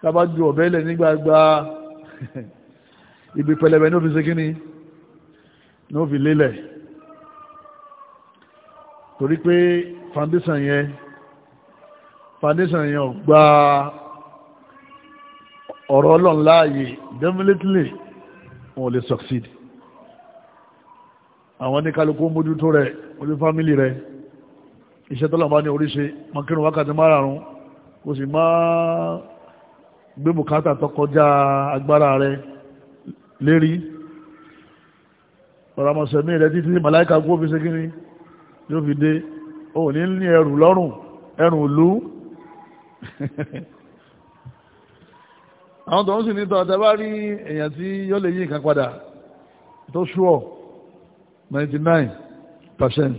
tábà ju ọ̀bẹ lẹ̀ nígbàgbà ibi pẹlẹbẹ ní òfin ṣe kíni ní òfin lélẹ̀ torí pé foundation yẹn foundation yẹn ò gba ọ̀rọ̀ ọlọ́run láàyè definitely wọn lè succeed àwọn ní kálukú mójútó rẹ̀ orí fámílì rẹ̀ iṣẹ́ tọ́lá bá ní oríṣẹ́ makirun wákàtí márààrún kò sì máa gbé bùkátà tó kọjá agbára rẹ lérí ọ̀rọ̀mọ̀sẹ̀mí rẹ títí màláìka kú òfin ṣégíní yóò fi dé o ní ní ẹrù lọ́rùn ẹrù ìlú àwọn tó sì ní tọ́ ọ̀tẹ́ rí èèyàn tí yóò lè yí nǹkan padà tó ṣúọ̀ 99 percent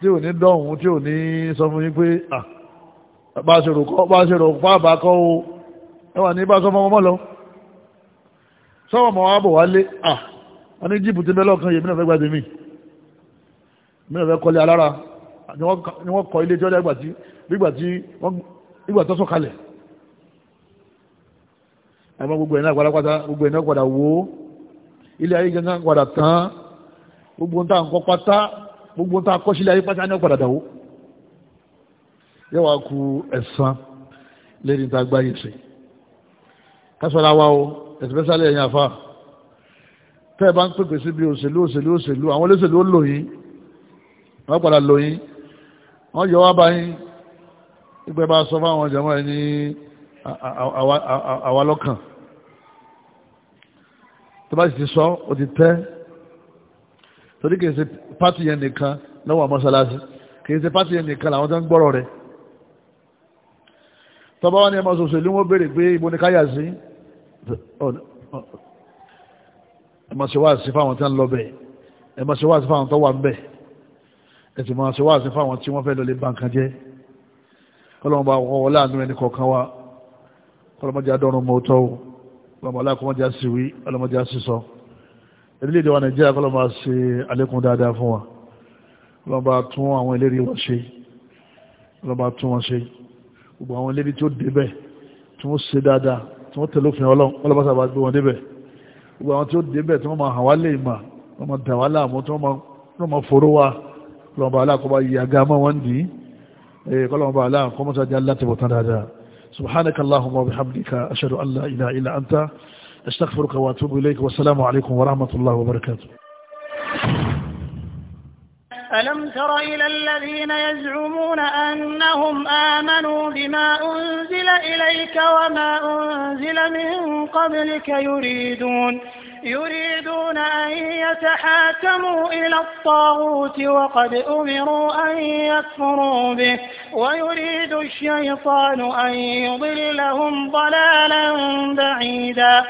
tí ò ní dọ̀hún tí ò ní sọ fún yín pé ah, bá a ṣe rò pàbà kọ́ o ẹwà ní bá a sọ fún ọmọ lọ sọ́wọ́ ọmọ wa bọ̀ wá lé à ah, wọ́n ní jíìpù tí bẹ́ẹ̀ lọ́ọ̀kan yèmí náà fẹ́ gbàdé mi mi náà alára ni wọ́n kọ́ ilé tí wọ́n dá ìgbà tí ìgbà tó sọ̀kalẹ̀ àmọ́ gbogbo ẹ̀nà àgbàlápátá gbogbo ẹ̀nà gbogbo tá a kọ́ sílẹ̀ ayé pátá ní ọ̀padà dàwó yẹ́wàá ku ẹ̀sán lẹ́ni tá a gbáyé sí kásọ̀rọ̀ àwa o especially ẹ̀yin àfa tẹ́ ẹ bá ń pèpè síbi òṣèlú òṣèlú òṣèlú àwọn olóṣèlú ó lò yín wọ́n padà lò yín wọ́n yọ wá báyìí ìgbẹ́ bá sọ fáwọn jàmọ́ ẹ̀ ní àwa lọ́kàn tó bá sì ti sọ ó ti tẹ́ torí kìí ṣe pátì yẹn nìkan lọ́wọ́ mọ́sálásí kìí ṣe pátì yẹn nìkan làwọn tó ń gbọ́rọ̀ rẹ̀ tọ́ba wá ní ẹmọ sòṣèlú wọn béèrè pé ibo ni káyà sí ẹmọ ṣèwádìí fáwọn tó ń lọ bẹ́ẹ̀ ẹmọ ṣèwádìí fáwọn tó wà ń bẹ́ẹ̀ ẹ̀sì máa ṣe wáàsí fáwọn tí wọ́n fẹ́ lọlé bankan jẹ́ kọlọ́mọba ọwọ́ láàánú ẹni kọ̀ọ̀kan wá kọlọ́mọdé adọ́rùn mọ́tọ́ ọlọ́mọdé akọmọdé àṣìwí ọlọ́mọdé àṣìsọ́ orílẹ̀-èdè wa Nàìjíríà kọ́ ló máa ṣe àlékún dáadáa fún wa ló bá tún àwọn ìlérí wọn ṣe ló bá tún wọn ṣe gbogbo àwọn ìlérí tí ó débẹ̀ tí wọ́n ṣe dáadáa tí wọ́n tẹ̀lé òfin Ọlọ́run wọ́n lọ́ bá sábà gbé wọn débẹ̀ gbogbo àwọn tí ó débẹ̀ tí wọ́n máa hàn wá lè mà wọ́n máa dà wá láàmú tí wọ́n máa foró wa lọ́ba aláàkọ́bá yàgá mọ́ wọn dì í kọ́lọ́ba aláàkọ́mọ́sájà látìbọ̀tán استغفرك واتوب اليك والسلام عليكم ورحمه الله وبركاته ألم تر إلى الذين يزعمون أنهم آمنوا بما أنزل إليك وما أنزل من قبلك يريدون يريدون أن يتحاكموا إلى الطاغوت وقد أمروا أن يكفروا به ويريد الشيطان أن يضلهم ضلالا بعيدا